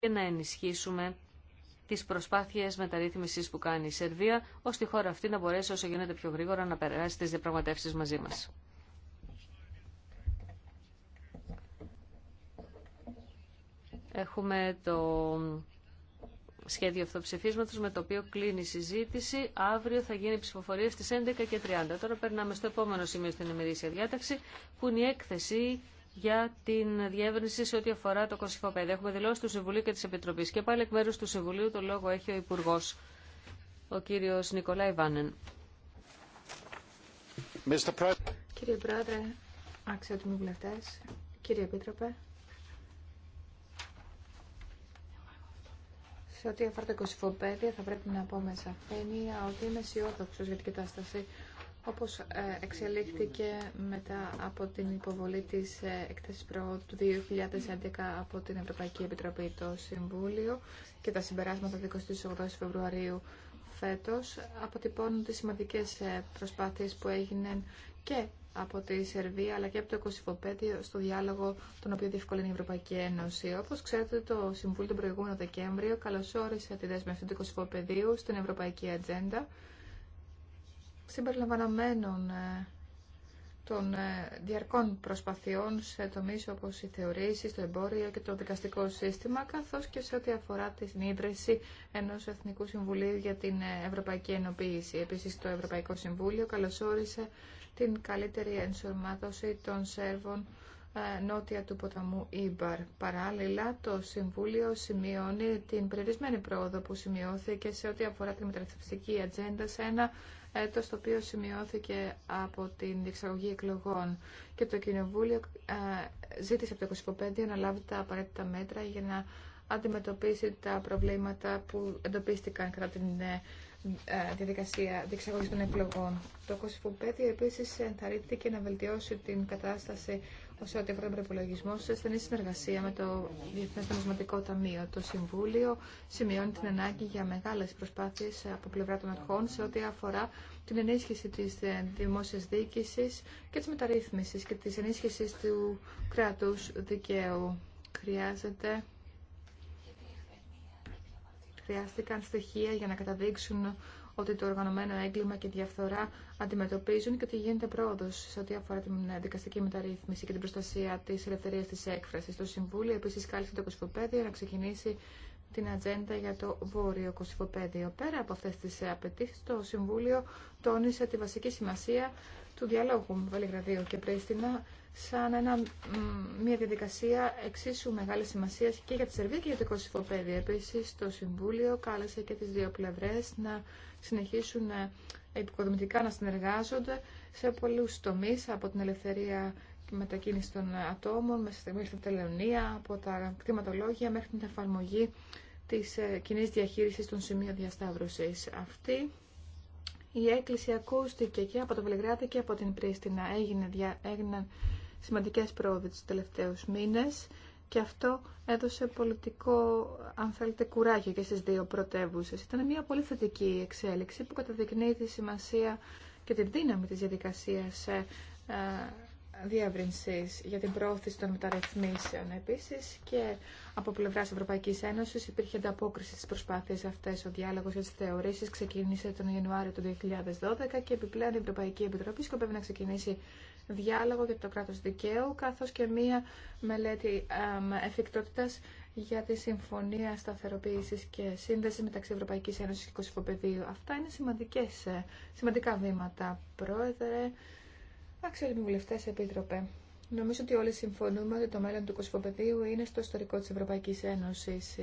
και να ενισχύσουμε τις προσπάθειες μεταρρύθμιση που κάνει η Σερβία, ώστε η χώρα αυτή να μπορέσει όσο γίνεται πιο γρήγορα να περάσει τις διαπραγματεύσει μαζί μας. Έχουμε το σχέδιο αυτοψηφίσματο με το οποίο κλείνει η συζήτηση. Αύριο θα γίνει ψηφοφορία στις 11.30. Τώρα περνάμε στο επόμενο σημείο στην ημερήσια διάταξη που είναι η έκθεση για την διεύρυνση σε ό,τι αφορά το Κωσυφοπέδιο. Έχουμε δηλώσει του Συμβουλίου και τη Επιτροπή. Και πάλι εκ μέρου του Συμβουλίου το λόγο έχει ο Υπουργό, ο κύριο Νικολάη Βάνεν. Κύριε Πρόεδρε, αξιότιμοι βουλευτέ, κύριε Επίτροπε. Σε ό,τι αφορά το κοσυφοπαίδιο θα πρέπει να πω με σαφήνεια ότι είμαι αισιόδοξο για την κατάσταση όπως ε, εξελίχθηκε μετά από την υποβολή της έκθεσης ε, προόδου του 2011 από την Ευρωπαϊκή Επιτροπή το Συμβούλιο και τα συμπεράσματα 28 Φεβρουαρίου φέτος αποτυπώνουν τις σημαντικές ε, προσπάθειες που έγιναν και από τη Σερβία αλλά και από το 25 στο διάλογο τον οποίο διευκολύνει η Ευρωπαϊκή Ένωση. Όπω ξέρετε, το Συμβούλιο τον προηγούμενο Δεκέμβριο καλωσόρισε τη δέσμευση του 25 στην Ευρωπαϊκή Ατζέντα συμπεριλαμβανομένων ε, των ε, διαρκών προσπαθειών σε τομείς όπως οι θεωρήσεις, το εμπόριο και το δικαστικό σύστημα, καθώς και σε ό,τι αφορά την ίδρυση ενός Εθνικού Συμβουλίου για την ε, Ευρωπαϊκή Ενοποίηση. Επίσης, το Ευρωπαϊκό Συμβούλιο καλωσόρισε την καλύτερη ενσωμάτωση των Σέρβων νότια του ποταμού Ήμπαρ. Παράλληλα, το Συμβούλιο σημειώνει την περιορισμένη πρόοδο που σημειώθηκε σε ό,τι αφορά τη μεταρρυθμιστική ατζέντα σε ένα έτος το οποίο σημειώθηκε από την διεξαγωγή εκλογών και το Κοινοβούλιο ε, ζήτησε από το 25 να λάβει τα απαραίτητα μέτρα για να αντιμετωπίσει τα προβλήματα που εντοπίστηκαν κατά την ε, ε, διαδικασία διεξαγωγή των εκλογών. Το Κωσυφοπέδιο επίσης ενθαρρύνθηκε να βελτιώσει την κατάσταση σε ό,τι αφορά τον προπολογισμό, σε στενή συνεργασία με το Διεθνέ Νομισματικό Ταμείο. Το Συμβούλιο σημειώνει την ανάγκη για μεγάλε προσπάθειε από πλευρά των αρχών σε ό,τι αφορά την ενίσχυση τη δημόσια διοίκηση και τη μεταρρύθμιση και τη ενίσχυση του κράτου δικαίου. Χρειάζεται χρειάστηκαν στοιχεία για να καταδείξουν ότι το οργανωμένο έγκλημα και διαφθορά αντιμετωπίζουν και ότι γίνεται πρόοδο σε ό,τι αφορά την δικαστική μεταρρύθμιση και την προστασία τη ελευθερία τη έκφραση. Το Συμβούλιο επίση κάλεσε το Κωσυφοπαίδιο να ξεκινήσει την ατζέντα για το Βόρειο Κωσυφοπαίδιο. Πέρα από αυτέ τι απαιτήσει, το Συμβούλιο τόνισε τη βασική σημασία του διαλόγου Βαλιγραδίου και Πρίστινα σαν ένα, μια διαδικασία εξίσου μεγάλη σημασία και για τη Σερβία και για το Κωσυφοπέδιο. Επίση, το Συμβούλιο κάλεσε και τι δύο πλευρέ να συνεχίσουν ε, επικοδομητικά να συνεργάζονται σε πολλού τομεί, από την ελευθερία και μετακίνηση των ατόμων, μέσα στην τελωνία, από τα κτηματολόγια μέχρι την εφαρμογή τη ε, κοινή διαχείριση των σημείων διασταύρωση. Αυτή η έκκληση ακούστηκε και από το Βελιγράδι και από την Πρίστινα. Έγινε, έγιναν σημαντικές πρόοδοι τους τελευταίους μήνες και αυτό έδωσε πολιτικό, αν θέλετε, κουράγιο και στις δύο πρωτεύουσε. Ήταν μια πολύ θετική εξέλιξη που καταδεικνύει τη σημασία και τη δύναμη της διαδικασίας ε, ε, διαβρυνσής για την πρόθεση των μεταρρυθμίσεων. Επίσης και από πλευράς Ευρωπαϊκής Ένωσης υπήρχε ανταπόκριση στις προσπάθειες αυτές. Ο διάλογος για τις θεωρήσεις ξεκίνησε τον Ιανουάριο του 2012 και επιπλέον η Ευρωπαϊκή Επιτροπή σκοπεύει να ξεκινήσει διάλογο για το κράτος δικαίου, καθώς και μία μελέτη εφικτότητας για τη Συμφωνία Σταθεροποίησης και Σύνδεση μεταξύ Ευρωπαϊκής Ένωσης και Κωσυφοπεδίου. Αυτά είναι σημαντικές, ε, σημαντικά βήματα, Πρόεδρε, αξιόλυμοι βουλευτές, Επίτροπε. Νομίζω ότι όλοι συμφωνούμε ότι το μέλλον του Κωσυφοπεδίου είναι στο ιστορικό της Ευρωπαϊκής Ένωσης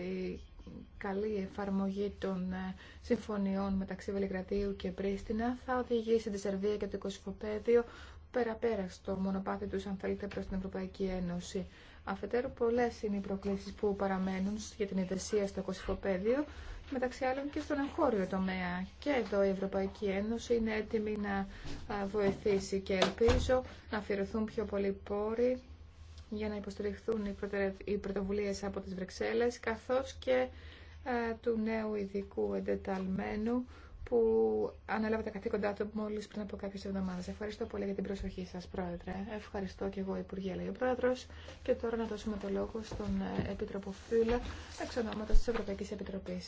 καλή εφαρμογή των ε, συμφωνιών μεταξύ Βελιγραδίου και Πρίστινα θα οδηγήσει τη Σερβία και το Κωσυφοπαίδιο πέρα-πέρα στο μονοπάτι τους, αν θέλετε, προς την Ευρωπαϊκή Ένωση. Αφετέρου, πολλές είναι οι προκλήσεις που παραμένουν για την ηγεσία στο Κωσυφοπαίδιο, μεταξύ άλλων και στον εγχώριο τομέα. Και εδώ η Ευρωπαϊκή Ένωση είναι έτοιμη να ε, βοηθήσει και ελπίζω να αφιερωθούν πιο πολλοί πόροι για να υποστηριχθούν οι πρωτοβουλίες από τις Βρυξέλλες καθώς και ε, του νέου ειδικού εντεταλμένου που ανέλαβε τα καθήκοντά του μόλις πριν από κάποιες εβδομάδες. Ευχαριστώ πολύ για την προσοχή σας, Πρόεδρε. Ευχαριστώ και εγώ, Υπουργέ, λέει ο Πρόεδρος. Και τώρα να δώσουμε το λόγο στον ε, Επίτροπο Φίλα, εξ τη Ευρωπαϊκή Επιτροπή.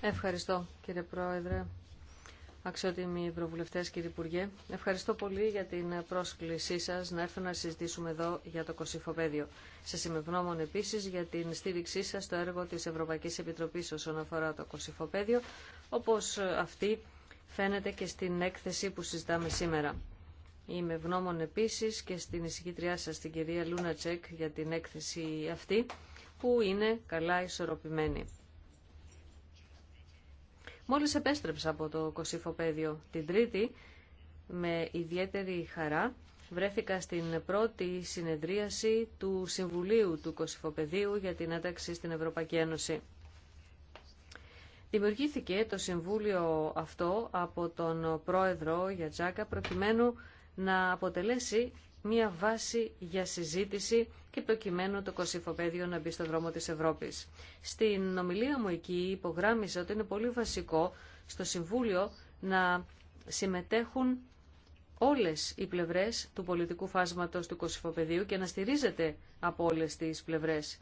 Ευχαριστώ, κύριε Πρόεδρε αξιότιμοι ευρωβουλευτές κύριε Υπουργέ. Ευχαριστώ πολύ για την πρόσκλησή σας να έρθω να συζητήσουμε εδώ για το Κωσυφοπαίδιο. Σα είμαι ευγνώμων επίσης για την στήριξή σας στο έργο της Ευρωπαϊκής Επιτροπής όσον αφορά το Κωσυφοπαίδιο, όπως αυτή φαίνεται και στην έκθεση που συζητάμε σήμερα. Είμαι ευγνώμων επίσης και στην εισηγήτριά σας την κυρία Λούνα Τσεκ για την έκθεση αυτή που είναι καλά ισορροπημένη. Μόλις επέστρεψα από το κοσυφοπέδιο, την Τρίτη, με ιδιαίτερη χαρά βρέθηκα στην πρώτη συνεδρίαση του Συμβουλίου του κοσυφοπεδίου για την ένταξη στην Ευρωπαϊκή Ένωση. Δημιουργήθηκε το Συμβούλιο αυτό από τον Πρόεδρο Γιατζάκα προκειμένου να αποτελέσει μια βάση για συζήτηση και προκειμένου το κοσυφοπέδιο να μπει στο δρόμο της Ευρώπης. Στην ομιλία μου εκεί υπογράμμισα ότι είναι πολύ βασικό στο Συμβούλιο να συμμετέχουν όλες οι πλευρές του πολιτικού φάσματος του κοσυφοπεδίου και να στηρίζεται από όλες τις πλευρές.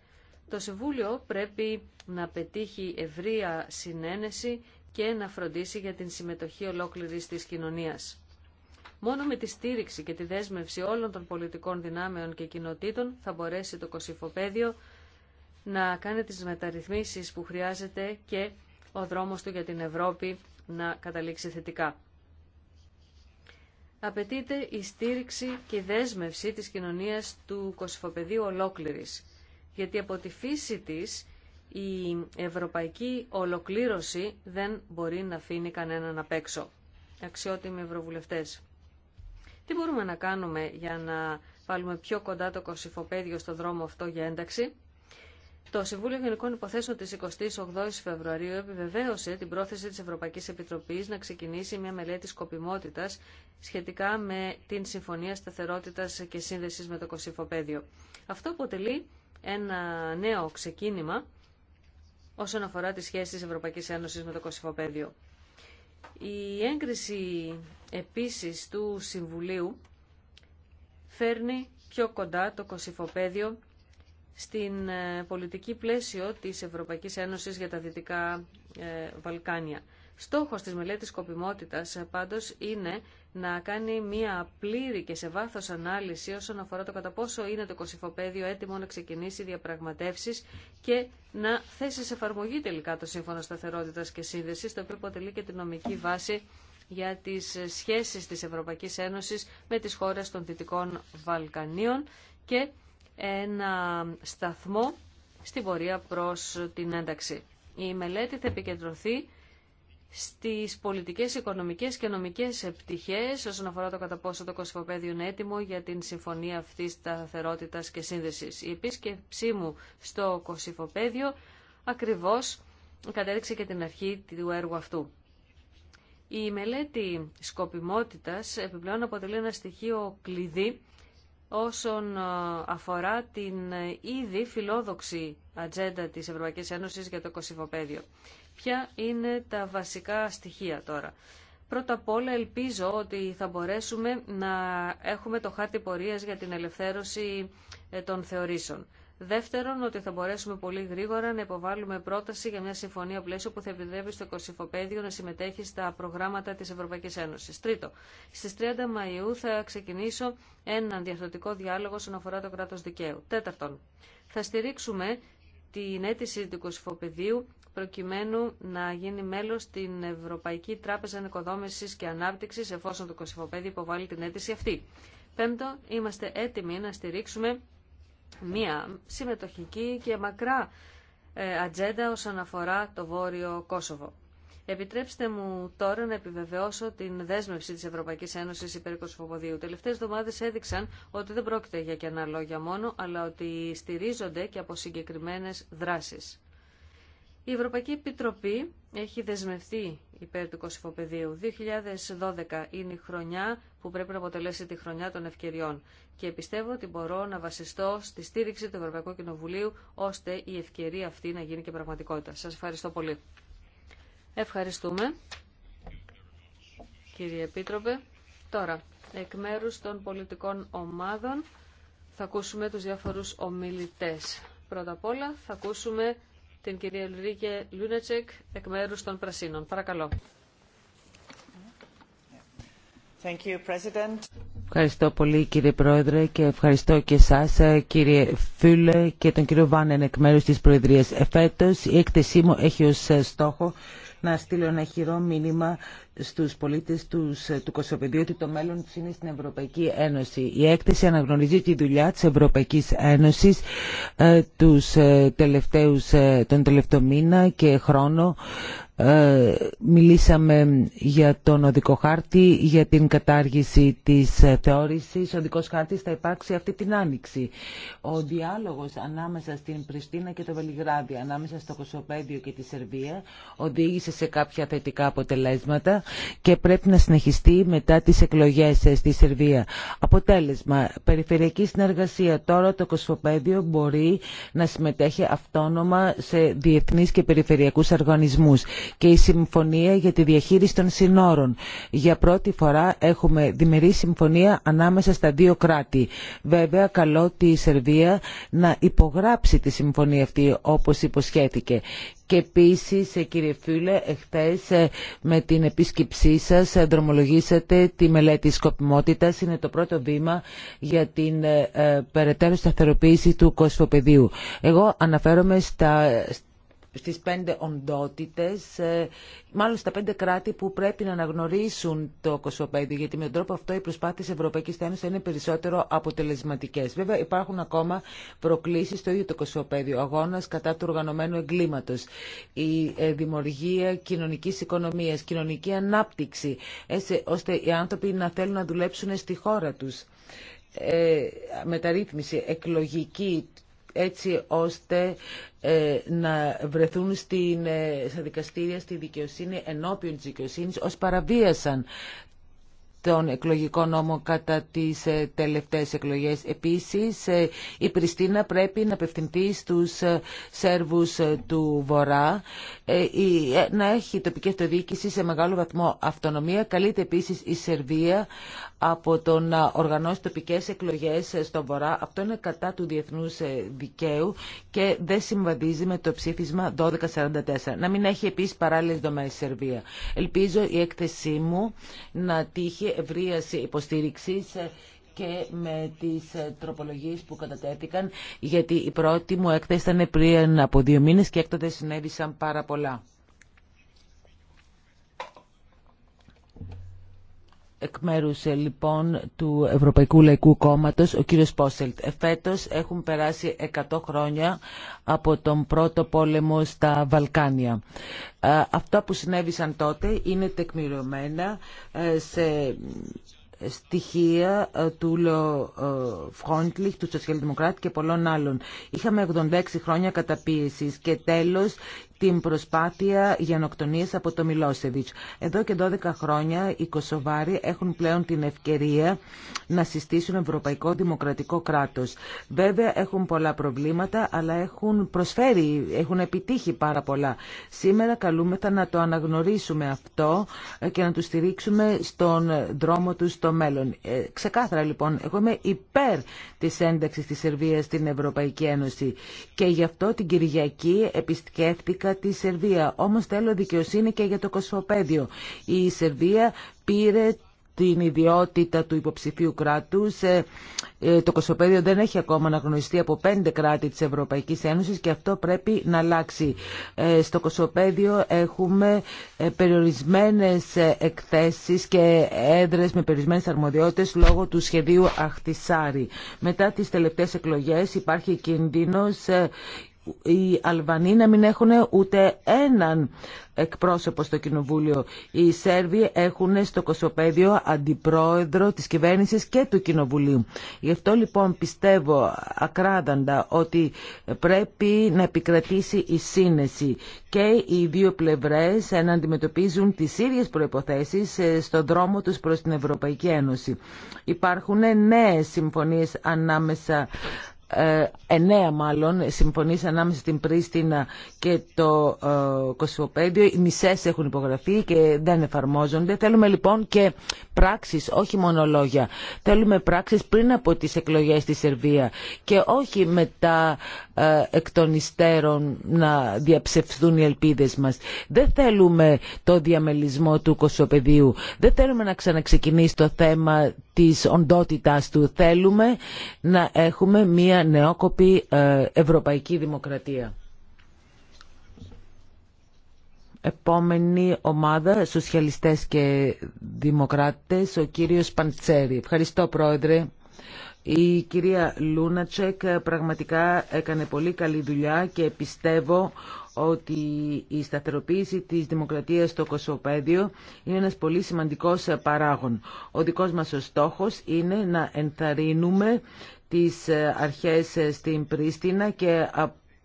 Το Συμβούλιο πρέπει να πετύχει ευρεία συνένεση και να φροντίσει για την συμμετοχή ολόκληρης της κοινωνίας. Μόνο με τη στήριξη και τη δέσμευση όλων των πολιτικών δυνάμεων και κοινοτήτων θα μπορέσει το κοσυφοπέδιο να κάνει τις μεταρρυθμίσεις που χρειάζεται και ο δρόμος του για την Ευρώπη να καταλήξει θετικά. Απαιτείται η στήριξη και η δέσμευση της κοινωνίας του κοσυφοπεδίου ολόκληρης, γιατί από τη φύση της η ευρωπαϊκή ολοκλήρωση δεν μπορεί να αφήνει κανέναν απ' έξω. Αξιότιμοι ευρωβουλευτές. Τι μπορούμε να κάνουμε για να βάλουμε πιο κοντά το κοσυφοπαίδιο στο δρόμο αυτό για ένταξη. Το Συμβούλιο Γενικών Υποθέσεων τη 28 η Φεβρουαρίου επιβεβαίωσε την πρόθεση της Ευρωπαϊκής Επιτροπής να ξεκινήσει μια μελέτη σκοπιμότητας σχετικά με την Συμφωνία Σταθερότητας και σύνδεση με το Κωσυφοπαίδιο. Αυτό αποτελεί ένα νέο ξεκίνημα όσον αφορά τι σχέσει τη Ευρωπαϊκής Ένωσης με το Κωσυφοπαίδιο. Η έγκριση επίσης του Συμβουλίου φέρνει πιο κοντά το κοσυφοπέδιο στην ε, πολιτική πλαίσιο της Ευρωπαϊκής Ένωσης για τα Δυτικά ε, Βαλκάνια. Στόχος της μελέτης κοπιμότητας ε, πάντως είναι να κάνει μία πλήρη και σε βάθος ανάλυση όσον αφορά το κατά πόσο είναι το κοσυφοπαίδιο έτοιμο να ξεκινήσει διαπραγματεύσεις και να θέσει σε εφαρμογή τελικά το Σύμφωνο Σταθερότητας και Σύνδεσης, το οποίο αποτελεί και τη νομική βάση για τις σχέσεις της Ευρωπαϊκής Ένωσης με τις χώρες των Δυτικών Βαλκανίων και ένα σταθμό στην πορεία προς την ένταξη. Η μελέτη θα επικεντρωθεί στις πολιτικές, οικονομικές και νομικές επιτυχίες όσον αφορά το κατά πόσο το κοσμοπέδιο είναι έτοιμο για την συμφωνία αυτή σταθερότητα και σύνδεσης. Η επίσκεψή μου στο κοσυφοπέδιο ακριβώς κατέδειξε και την αρχή του έργου αυτού. Η μελέτη σκοπιμότητας επιπλέον αποτελεί ένα στοιχείο κλειδί όσον ε, αφορά την ε, ήδη φιλόδοξη ατζέντα της Ευρωπαϊκής Ένωσης για το Κωσυφοπαίδιο. Ποια είναι τα βασικά στοιχεία τώρα. Πρώτα απ' όλα ελπίζω ότι θα μπορέσουμε να έχουμε το χάρτη πορείας για την ελευθέρωση ε, των θεωρήσεων. Δεύτερον, ότι θα μπορέσουμε πολύ γρήγορα να υποβάλουμε πρόταση για μια συμφωνία πλαίσιο που θα επιδεύει στο Κωσυφοπέδιο να συμμετέχει στα προγράμματα της Ευρωπαϊκής Ένωσης. Τρίτο, στις 30 Μαϊού θα ξεκινήσω έναν διαρθρωτικό διάλογο όσον αφορά το κράτος δικαίου. Τέταρτον, θα στηρίξουμε την αίτηση του Κωσυφοπαιδίου προκειμένου να γίνει μέλο στην Ευρωπαϊκή Τράπεζα Νοικοδόμηση και ανάπτυξη εφόσον το Κωσυφοπέδιο υποβάλλει την αίτηση αυτή. Πέμπτο, είμαστε έτοιμοι να στηρίξουμε μία συμμετοχική και μακρά ε, ατζέντα όσον αφορά το Βόρειο Κόσοβο. Επιτρέψτε μου τώρα να επιβεβαιώσω την δέσμευση τη Ευρωπαϊκή Ένωση υπέρ Κωσυφοποδίου. Τελευταίε εβδομάδε έδειξαν ότι δεν πρόκειται για κενά λόγια μόνο, αλλά ότι στηρίζονται και από συγκεκριμένε δράσει. Η Ευρωπαϊκή Επιτροπή έχει δεσμευτεί υπέρ του κοσυφοπεδίου. 2012 είναι η χρονιά που πρέπει να αποτελέσει τη χρονιά των ευκαιριών και πιστεύω ότι μπορώ να βασιστώ στη στήριξη του Ευρωπαϊκού Κοινοβουλίου ώστε η ευκαιρία αυτή να γίνει και πραγματικότητα. Σας ευχαριστώ πολύ. Ευχαριστούμε. Κύριε Επίτροπε, τώρα εκ μέρους των πολιτικών ομάδων θα ακούσουμε τους διάφορους ομιλητές. Πρώτα απ' όλα θα ακούσουμε την κυρία Ελρίκε Λούνατσεκ εκ μέρους των Πρασίνων. Παρακαλώ. Ευχαριστώ πολύ κύριε Πρόεδρε και ευχαριστώ και εσάς ε, κύριε Φούλε και τον κύριο Βάνεν εκ μέρους της Προεδρίας. Εφέτος η έκθεσή μου έχει ως ε, στόχο να στείλω ένα χειρό μήνυμα στους πολίτες ε, του Κωσοπεδίου ότι το μέλλον τους είναι στην Ευρωπαϊκή Ένωση. Η έκθεση αναγνωρίζει τη δουλειά της Ευρωπαϊκής Ένωσης τους τελευταίους, τον τελευταίο μήνα και χρόνο ε, μιλήσαμε για τον οδικό χάρτη, για την κατάργηση της ε, θεώρησης. Ο οδικός χάρτης θα υπάρξει αυτή την άνοιξη. Ο διάλογος ανάμεσα στην Πριστίνα και το Βελιγράδι, ανάμεσα στο Κοσοπέδιο και τη Σερβία, οδήγησε σε κάποια θετικά αποτελέσματα και πρέπει να συνεχιστεί μετά τις εκλογές ε, στη Σερβία. Αποτέλεσμα, περιφερειακή συνεργασία. Τώρα το Κοσμοπέδιο μπορεί να συμμετέχει αυτόνομα σε διεθνείς και περιφερειακούς οργανισμούς και η Συμφωνία για τη Διαχείριση των Συνόρων. Για πρώτη φορά έχουμε διμερή συμφωνία ανάμεσα στα δύο κράτη. Βέβαια, καλό τη Σερβία να υπογράψει τη συμφωνία αυτή όπως υποσχέθηκε. Και επίση, ε, κύριε Φίλε, εχθέ ε, με την επίσκεψή σα ε, δρομολογήσατε τη μελέτη σκοπιμότητα. Είναι το πρώτο βήμα για την περαιτέρω σταθεροποίηση του κοσφοπεδίου. Εγώ αναφέρομαι στα, στις πέντε οντότητες, ε, μάλλον στα πέντε κράτη που πρέπει να αναγνωρίσουν το κοσμοπέδιο, γιατί με τον τρόπο αυτό οι προσπάθειες της Ευρωπαϊκής Ένωσης είναι περισσότερο αποτελεσματικές. Βέβαια υπάρχουν ακόμα προκλήσεις στο ίδιο το κοσμοπέδιο, αγώνας κατά του οργανωμένου εγκλήματος, η ε, δημιουργία κοινωνικής οικονομίας, κοινωνική ανάπτυξη, ώστε οι άνθρωποι να θέλουν να δουλέψουν στη χώρα τους. Ε, μεταρρύθμιση εκλογική έτσι ώστε ε, να βρεθούν στην, ε, στα δικαστήρια, στη δικαιοσύνη, ενώπιον της δικαιοσύνης, ως παραβίασαν τον εκλογικό νόμο κατά τις ε, τελευταίες εκλογές. Επίσης, η Πριστίνα πρέπει να απευθυνθεί στους Σέρβους του Βορρά, να έχει τοπική αυτοδιοίκηση σε μεγάλο βαθμό αυτονομία. Καλείται επίσης η Σερβία από το να οργανώσει τοπικέ εκλογές στον Βορρά. Αυτό είναι κατά του διεθνού ε, δικαίου και δεν συμβαδίζει με το ψήφισμα 1244. Να μην έχει επίσης παράλληλε δομέ η Σερβία. Ελπίζω η έκθεσή μου να τύχει ευρεία υποστήριξης ε, και με τις ε, τροπολογίες που κατατέθηκαν, γιατί η πρώτη μου έκθεση ήταν πριν από δύο μήνες και έκτοτε συνέβησαν πάρα πολλά. Εκ μέρου ε, λοιπόν του Ευρωπαϊκού Λαϊκού Κόμματο, ο κύριο Πόσελτ. Ε, Φέτο έχουν περάσει 100 χρόνια από τον πρώτο πόλεμο στα Βαλκάνια. Ε, αυτά που συνέβησαν τότε είναι τεκμηριωμένα σε στοιχεία του Λοφχόντλιχ, Φρόντλιχ, του Σοσιαλδημοκράτη και πολλών άλλων. Είχαμε 86 χρόνια καταπίεσης και τέλος την προσπάθεια γενοκτονίας από το Μιλόσεβιτς. Εδώ και 12 χρόνια οι Κωσοβάροι έχουν πλέον την ευκαιρία να συστήσουν ευρωπαϊκό δημοκρατικό κράτος. Βέβαια έχουν πολλά προβλήματα, αλλά έχουν προσφέρει, έχουν επιτύχει πάρα πολλά. Σήμερα καλούμεθα να το αναγνωρίσουμε αυτό και να του στηρίξουμε στον δρόμο του στο μέλλον. Ε, ξεκάθαρα λοιπόν, εγώ είμαι υπέρ της ένταξης της Σερβίας στην Ευρωπαϊκή Ένωση και γι' αυτό την Κυριακή επισκέφτηκα για τη Σερβία. Όμως θέλω δικαιοσύνη και για το Κοσμοπέδιο. Η Σερβία πήρε την ιδιότητα του υποψηφίου κράτους. Ε, ε, το Κοσμοπέδιο δεν έχει ακόμα αναγνωριστεί από πέντε κράτη της Ευρωπαϊκής Ένωσης και αυτό πρέπει να αλλάξει. Ε, στο Κοσμοπέδιο έχουμε περιορισμένες εκθέσεις και έδρες με περιορισμένες αρμοδιότητες λόγω του σχεδίου Αχτισάρη. Μετά τις τελευταίες εκλογές υπάρχει κίνδυνος οι Αλβανοί να μην έχουν ούτε έναν εκπρόσωπο στο Κοινοβούλιο. Οι Σέρβοι έχουν στο Κοσμοπέδιο αντιπρόεδρο της κυβέρνησης και του Κοινοβουλίου. Γι' αυτό λοιπόν πιστεύω ακράδαντα ότι πρέπει να επικρατήσει η σύνεση και οι δύο πλευρές να αντιμετωπίζουν τις ίδιες προϋποθέσεις ε, στον δρόμο τους προς την Ευρωπαϊκή Ένωση. Υπάρχουν νέες συμφωνίες ανάμεσα ε, εννέα μάλλον συμφωνήσαν ανάμεσα στην Πρίστινα και το ε, Οι μισές έχουν υπογραφεί και δεν εφαρμόζονται. Θέλουμε λοιπόν και πράξεις, όχι μόνο λόγια. Θέλουμε πράξεις πριν από τις εκλογές στη Σερβία και όχι μετά ε, εκ των υστέρων να διαψευθούν οι ελπίδες μας. Δεν θέλουμε το διαμελισμό του Κοσμοπαιδίου. Δεν θέλουμε να ξαναξεκινήσει το θέμα της οντότητάς του. Θέλουμε να έχουμε μια νεόκοπη ε, ευρωπαϊκή δημοκρατία. Επόμενη ομάδα, σοσιαλιστές και δημοκράτες, ο κύριος Παντσέρη. Ευχαριστώ πρόεδρε. Η κυρία Λούνατσεκ πραγματικά έκανε πολύ καλή δουλειά και πιστεύω ότι η σταθεροποίηση της δημοκρατίας στο Κωσοπαίδιο είναι ένας πολύ σημαντικός παράγων. Ο δικός μας στόχος είναι να ενθαρρύνουμε τις αρχές στην Πρίστινα και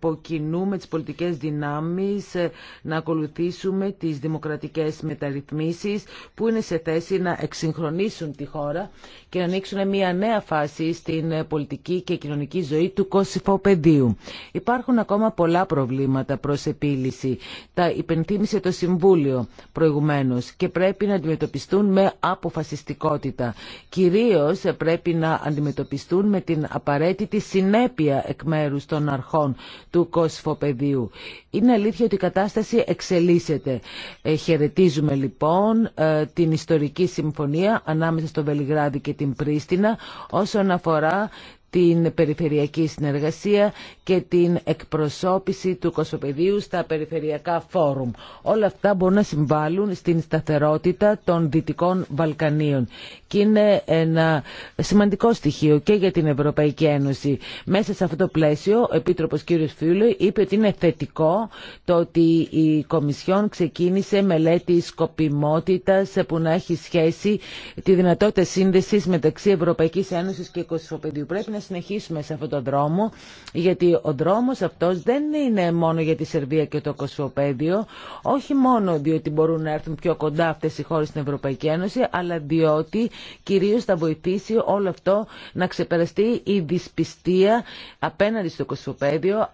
ποκινούμε τις πολιτικές δυνάμεις ε, να ακολουθήσουμε τις δημοκρατικές μεταρρυθμίσεις που είναι σε θέση να εξυγχρονίσουν τη χώρα και να ανοίξουν μια νέα φάση στην ε, πολιτική και κοινωνική ζωή του Κωσυφοπεδίου. Υπάρχουν ακόμα πολλά προβλήματα προς επίλυση. Τα υπενθύμησε το Συμβούλιο προηγουμένως και πρέπει να αντιμετωπιστούν με αποφασιστικότητα. Κυρίως ε, πρέπει να αντιμετωπιστούν με την απαραίτητη συνέπεια εκ μέρου των αρχών του κοσφοπεδίου. Είναι αλήθεια ότι η κατάσταση εξελίσσεται. Ε, χαιρετίζουμε λοιπόν ε, την ιστορική συμφωνία ανάμεσα στο Βελιγράδι και την Πρίστινα όσον αφορά την περιφερειακή συνεργασία και την εκπροσώπηση του κοσοπεδίου στα περιφερειακά φόρουμ. Όλα αυτά μπορούν να συμβάλλουν στην σταθερότητα των Δυτικών Βαλκανίων και είναι ένα σημαντικό στοιχείο και για την Ευρωπαϊκή Ένωση. Μέσα σε αυτό το πλαίσιο, ο Επίτροπος κ. Φίλου είπε ότι είναι θετικό το ότι η Κομισιόν ξεκίνησε μελέτη σκοπιμότητας που να έχει σχέση τη δυνατότητα σύνδεσης μεταξύ Ευρωπαϊκή Ένωση και Κοσοπεδίου. Πρέπει συνεχίσουμε σε αυτόν τον δρόμο, γιατί ο δρόμος αυτός δεν είναι μόνο για τη Σερβία και το Κοσμοπέδιο, όχι μόνο διότι μπορούν να έρθουν πιο κοντά αυτές οι χώρες στην Ευρωπαϊκή Ένωση, αλλά διότι κυρίως θα βοηθήσει όλο αυτό να ξεπεραστεί η δυσπιστία απέναντι στο Κοσμοπέδιο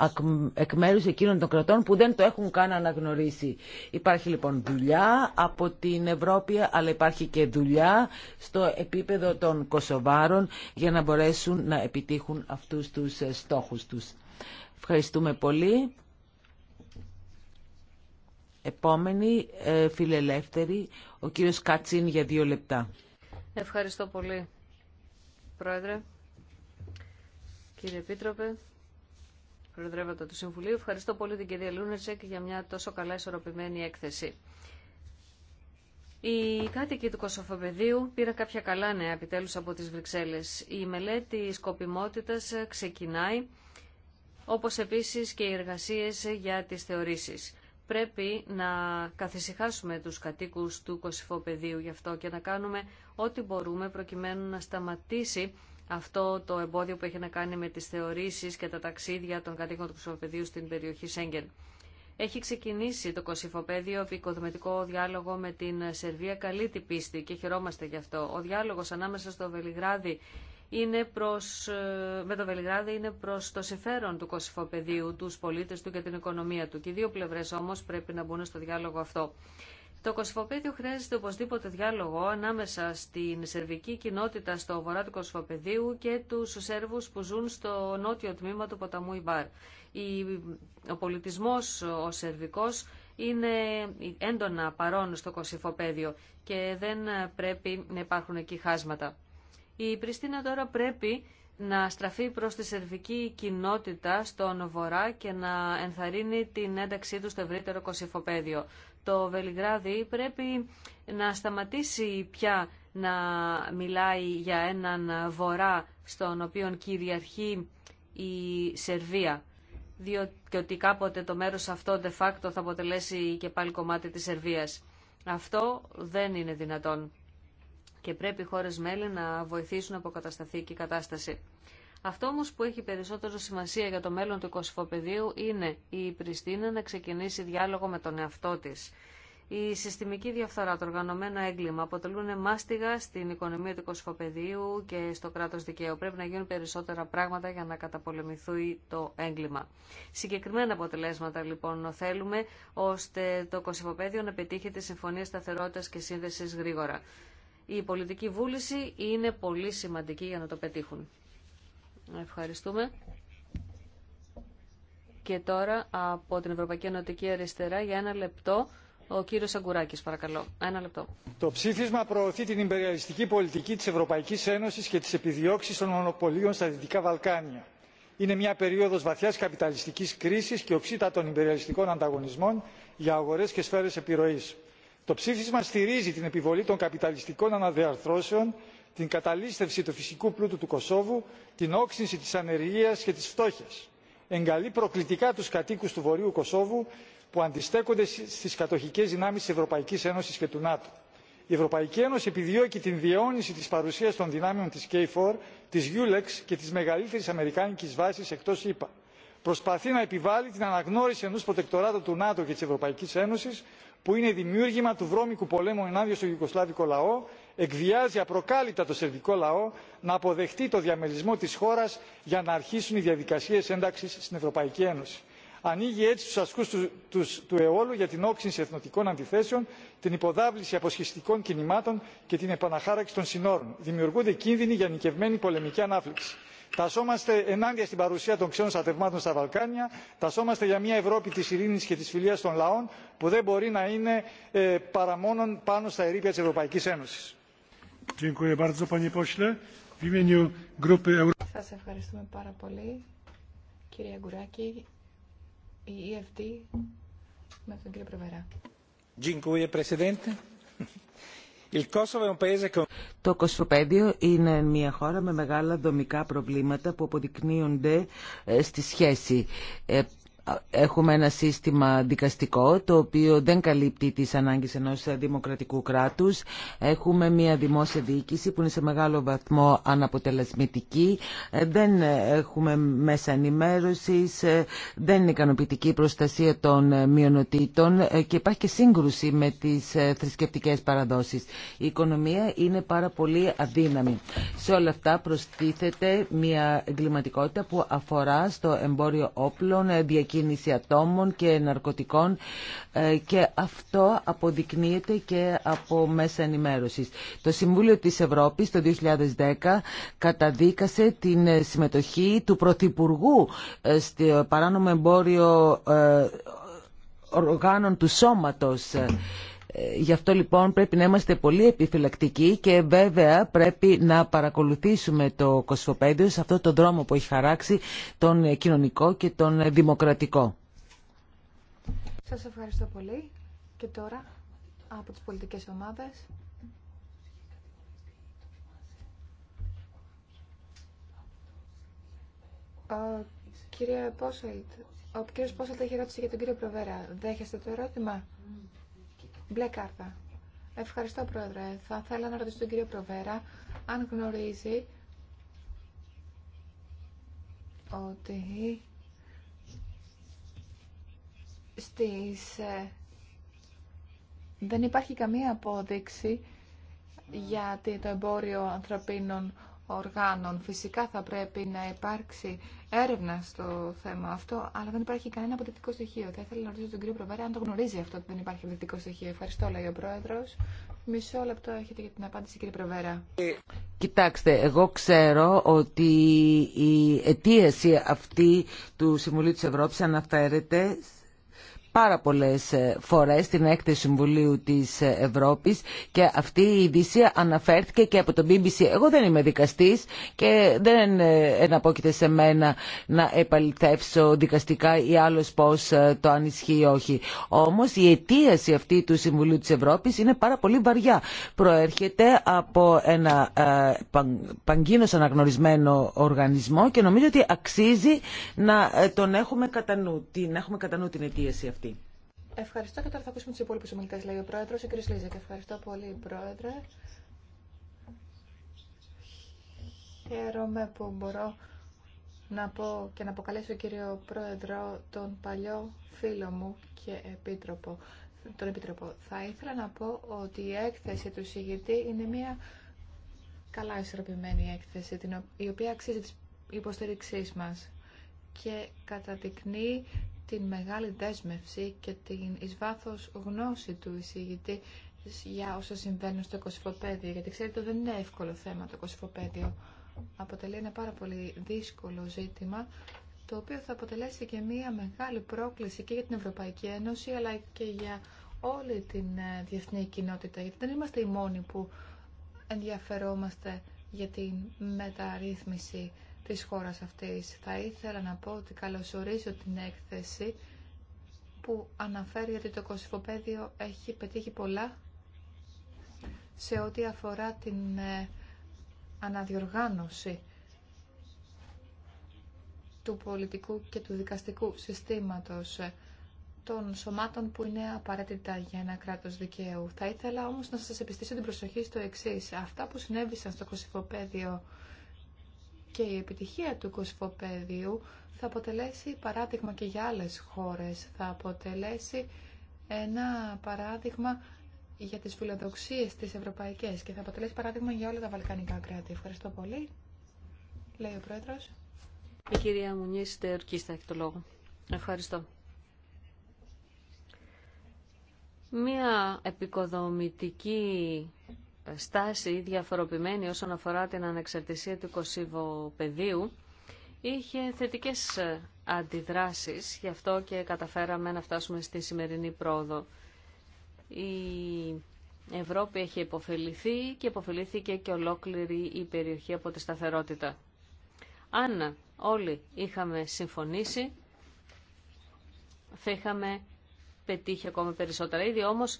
εκ μέρους εκείνων των κρατών που δεν το έχουν καν αναγνωρίσει. Υπάρχει λοιπόν δουλειά από την Ευρώπη, αλλά υπάρχει και δουλειά στο επίπεδο των Κοσοβάρων για να μπορέσουν να επιτύχουν αυτούς τους ε, στόχους τους. Ευχαριστούμε πολύ. Επόμενη ε, φιλελεύθερη, ο κύριος Κάτσιν για δύο λεπτά. Ευχαριστώ πολύ, Πρόεδρε. Κύριε Επίτροπε, Προεδρεύοντα του Συμβουλίου, ευχαριστώ πολύ την κυρία Λούνερτσεκ για μια τόσο καλά ισορροπημένη έκθεση. Οι κάτοικοι του Κωσοφοπεδίου πήραν κάποια καλά νέα επιτέλους από τις Βρυξέλλες. Η μελέτη σκοπιμότητας ξεκινάει, όπως επίσης και οι εργασίες για τις θεωρήσεις. Πρέπει να καθησυχάσουμε τους κατοίκους του Κωσοφοπεδίου γι' αυτό και να κάνουμε ό,τι μπορούμε προκειμένου να σταματήσει αυτό το εμπόδιο που έχει να κάνει με τις θεωρήσεις και τα ταξίδια των κατοίκων του Κωσοφοπεδίου στην περιοχή Σέγγεν. Έχει ξεκινήσει το ο επικοδομητικό διάλογο με την Σερβία. Καλή την πίστη και χαιρόμαστε γι' αυτό. Ο διάλογο ανάμεσα στο Βελιγράδι είναι προς, ε, με το Βελιγράδι είναι προ το συμφέρον του Κωσυφοπεδίου, του πολίτε του και την οικονομία του. Και οι δύο πλευρέ όμω πρέπει να μπουν στο διάλογο αυτό. Το Κωσυφοπέδιο χρειάζεται οπωσδήποτε διάλογο ανάμεσα στην σερβική κοινότητα στο βορρά του Κωσυφοπεδίου και τους Σέρβους που ζουν στο νότιο τμήμα του ποταμού Ιμπάρ ο πολιτισμός ο σερβικός είναι έντονα παρόν στο κοσυφοπέδιο και δεν πρέπει να υπάρχουν εκεί χάσματα. Η Πριστίνα τώρα πρέπει να στραφεί προς τη σερβική κοινότητα στον Βορρά και να ενθαρρύνει την ένταξή του στο ευρύτερο κοσυφοπέδιο. Το Βελιγράδι πρέπει να σταματήσει πια να μιλάει για έναν Βορρά στον οποίο κυριαρχεί η Σερβία διότι ότι κάποτε το μέρος αυτό de facto θα αποτελέσει και πάλι κομμάτι της Σερβίας. Αυτό δεν είναι δυνατόν και πρέπει οι χώρες μέλη να βοηθήσουν να αποκατασταθεί και η κατάσταση. Αυτό όμω που έχει περισσότερο σημασία για το μέλλον του Κωσυφοπεδίου είναι η Πριστίνα να ξεκινήσει διάλογο με τον εαυτό της η συστημική διαφθορά, το οργανωμένο έγκλημα αποτελούν μάστιγα στην οικονομία του κοσφοπεδίου και στο κράτο δικαίου. Πρέπει να γίνουν περισσότερα πράγματα για να καταπολεμηθεί το έγκλημα. Συγκεκριμένα αποτελέσματα λοιπόν θέλουμε ώστε το κοσφοπεδίο να πετύχει τη Συμφωνία Σταθερότητα και Σύνδεση γρήγορα. Η πολιτική βούληση είναι πολύ σημαντική για να το πετύχουν. Ευχαριστούμε. Και τώρα από την Ευρωπαϊκή Ενωτική Αριστερά για ένα λεπτό ο κύριος Αγκουράκης, παρακαλώ. Ένα λεπτό. Το ψήφισμα προωθεί την υπεριαλιστική πολιτική της Ευρωπαϊκής Ένωσης και τις επιδιώξεις των μονοπωλίων στα Δυτικά Βαλκάνια. Είναι μια περίοδος βαθιάς καπιταλιστικής κρίσης και οξύτατων υπεριαλιστικών ανταγωνισμών για αγορές και σφαίρες επιρροής. Το ψήφισμα στηρίζει την επιβολή των καπιταλιστικών αναδιαρθρώσεων, την καταλήστευση του φυσικού πλούτου του Κωσόβου, την όξυνση της ανεργίας και της φτώχειας. Εγκαλεί προκλητικά τους κατοίκους του Βορείου Κωσόβου που αντιστέκονται στι κατοχικέ δυνάμει τη Ευρωπαϊκή Ένωση και του ΝΑΤΟ. Η Ευρωπαϊκή Ένωση επιδιώκει την διαιώνιση τη παρουσία των δυνάμεων τη k τη Ulex και τη μεγαλύτερη Αμερικάνικη βάση εκτό ΗΠΑ. Προσπαθεί να επιβάλλει την αναγνώριση ενό προτεκτοράτου του ΝΑΤΟ και τη Ευρωπαϊκή Ένωση, που είναι δημιούργημα του βρώμικου πολέμου ενάντια στο Ιουγκοσλάβικο λαό, εκβιάζει απροκάλυπτα το σερβικό λαό να αποδεχτεί το διαμελισμό τη χώρα για να αρχίσουν οι διαδικασίε ένταξη στην Ευρωπαϊκή Ένωση ανοίγει έτσι τους ασκούς του, ασκού του αιώλου για την όξυνση εθνοτικών αντιθέσεων, την υποδάβληση αποσχιστικών κινημάτων και την επαναχάραξη των συνόρων. Δημιουργούνται κίνδυνοι για νικευμένη πολεμική ανάφληξη. Τασόμαστε ενάντια στην παρουσία των ξένων στρατευμάτων στα Βαλκάνια, τασόμαστε για μια Ευρώπη τη ειρήνη και τη φιλία των λαών που δεν μπορεί να είναι ε, παρά μόνο πάνω στα ερήπια τη Ευρωπαϊκή Ένωση. E Το Κοσμοπέδιο είναι μια χώρα με μεγάλα δομικά προβλήματα που αποδεικνύονται ε, στη σχέση ε, έχουμε ένα σύστημα δικαστικό το οποίο δεν καλύπτει τις ανάγκες ενός δημοκρατικού κράτους. Έχουμε μια δημόσια διοίκηση που είναι σε μεγάλο βαθμό αναποτελεσματική. Ε, δεν έχουμε μέσα ενημέρωση, ε, δεν είναι ικανοποιητική προστασία των ε, μειονοτήτων και υπάρχει και σύγκρουση με τις θρησκευτικές παραδόσεις. Η οικονομία είναι πάρα πολύ αδύναμη. Σε όλα αυτά προστίθεται μια εγκληματικότητα που αφορά στο εμπόριο όπλων, κίνηση ατόμων και ναρκωτικών ε, και αυτό αποδεικνύεται και από μέσα ενημέρωσης. Το Συμβούλιο της Ευρώπης το 2010 καταδίκασε την ε, συμμετοχή του Πρωθυπουργού ε, στο παράνομο εμπόριο οργάνων του σώματος ε, γι' αυτό λοιπόν πρέπει να είμαστε πολύ επιφυλακτικοί και βέβαια πρέπει να παρακολουθήσουμε το Κοσμοπέδιο σε αυτό τον δρόμο που έχει χαράξει τον κοινωνικό και τον δημοκρατικό. Σας ευχαριστώ πολύ. Και τώρα από τις πολιτικές ομάδες. Ο κύριε Πόσελτ, ο κύριος Πόσελτ έχει ερώτηση για τον κύριο Προβέρα. Δέχεστε το ερώτημα. Μπλε Ευχαριστώ, Πρόεδρε. Θα ήθελα να ρωτήσω τον κύριο Προβέρα αν γνωρίζει ότι στις... Ε, δεν υπάρχει καμία απόδειξη για το εμπόριο ανθρωπίνων οργάνων. Φυσικά θα πρέπει να υπάρξει έρευνα στο θέμα αυτό, αλλά δεν υπάρχει κανένα αποδεκτικό στοιχείο. Θα ήθελα να ρωτήσω τον κύριο Προβέρα αν το γνωρίζει αυτό ότι δεν υπάρχει αποδεκτικό στοιχείο. Ευχαριστώ, λέει ο πρόεδρο. Μισό λεπτό έχετε για την απάντηση, κύριε Προβέρα. Κοιτάξτε, εγώ ξέρω ότι η αιτίαση αυτή του Συμβουλίου τη Ευρώπη αναφέρεται πάρα πολλές ε, φορές στην έκθεση Συμβουλίου της ε, Ευρώπης και αυτή η ειδησία αναφέρθηκε και από τον BBC. Εγώ δεν είμαι δικαστής και δεν ε, εναπόκειται σε μένα να επαληθεύσω δικαστικά ή αλλο πώς το αν ισχύει ή όχι. Όμως η αιτίαση αυτή του Συμβουλίου της Ευρώπης είναι πάρα πολύ βαριά. Προέρχεται από ένα παγκίνως αναγνωρισμένο οργανισμό και νομίζω ότι αξίζει να τον έχουμε κατά έχουμε κατά νου την αιτίαση αυτή. Ευχαριστώ και τώρα θα ακούσουμε του υπόλοιπου ομιλητέ, λέει ο Πρόεδρο, ο κ. Λίζεκ. Ευχαριστώ πολύ, Πρόεδρε. Χαίρομαι που μπορώ να πω και να αποκαλέσω κύριο Πρόεδρο τον παλιό φίλο μου και επίτροπο, τον Επίτροπο. Θα ήθελα να πω ότι η έκθεση του συγητή είναι μια καλά ισορροπημένη έκθεση, την, η οποία αξίζει της υποστήριξής μας και καταδεικνύει την μεγάλη δέσμευση και την εις βάθος γνώση του εισηγητή για όσα συμβαίνουν στο κοσυφοπαίδιο, γιατί ξέρετε ότι δεν είναι εύκολο θέμα το κοσυφοπαίδιο. Αποτελεί ένα πάρα πολύ δύσκολο ζήτημα, το οποίο θα αποτελέσει και μία μεγάλη πρόκληση και για την Ευρωπαϊκή Ένωση, αλλά και για όλη την ε, διεθνή κοινότητα, γιατί δεν είμαστε οι μόνοι που ενδιαφερόμαστε για την μεταρρύθμιση της χώρας αυτής. Θα ήθελα να πω ότι καλωσορίζω την έκθεση που αναφέρει ότι το κοσυφοπαίδιο έχει πετύχει πολλά σε ό,τι αφορά την ε, αναδιοργάνωση του πολιτικού και του δικαστικού συστήματος ε, των σωμάτων που είναι απαραίτητα για ένα κράτος δικαίου. Θα ήθελα όμως να σας επιστήσω την προσοχή στο εξής. Αυτά που συνέβησαν στο κοσυφοπαίδιο και η επιτυχία του κοσφοπέδιου θα αποτελέσει παράδειγμα και για άλλες χώρες. Θα αποτελέσει ένα παράδειγμα για τις φιλοδοξίες τις ευρωπαϊκές και θα αποτελέσει παράδειγμα για όλα τα βαλκανικά κράτη. Ευχαριστώ πολύ. Λέει ο Πρόεδρος. Η κυρία Μουνής Δεορκίστα έχει το λόγο. Ευχαριστώ. Μία επικοδομητική στάση διαφοροποιημένη όσον αφορά την ανεξαρτησία του κωσιβο πεδίου είχε θετικές αντιδράσεις, γι' αυτό και καταφέραμε να φτάσουμε στη σημερινή πρόοδο. Η Ευρώπη έχει υποφεληθεί και υποφελήθηκε και ολόκληρη η περιοχή από τη σταθερότητα. Αν όλοι είχαμε συμφωνήσει, θα είχαμε πετύχει ακόμα περισσότερα. Ήδη όμως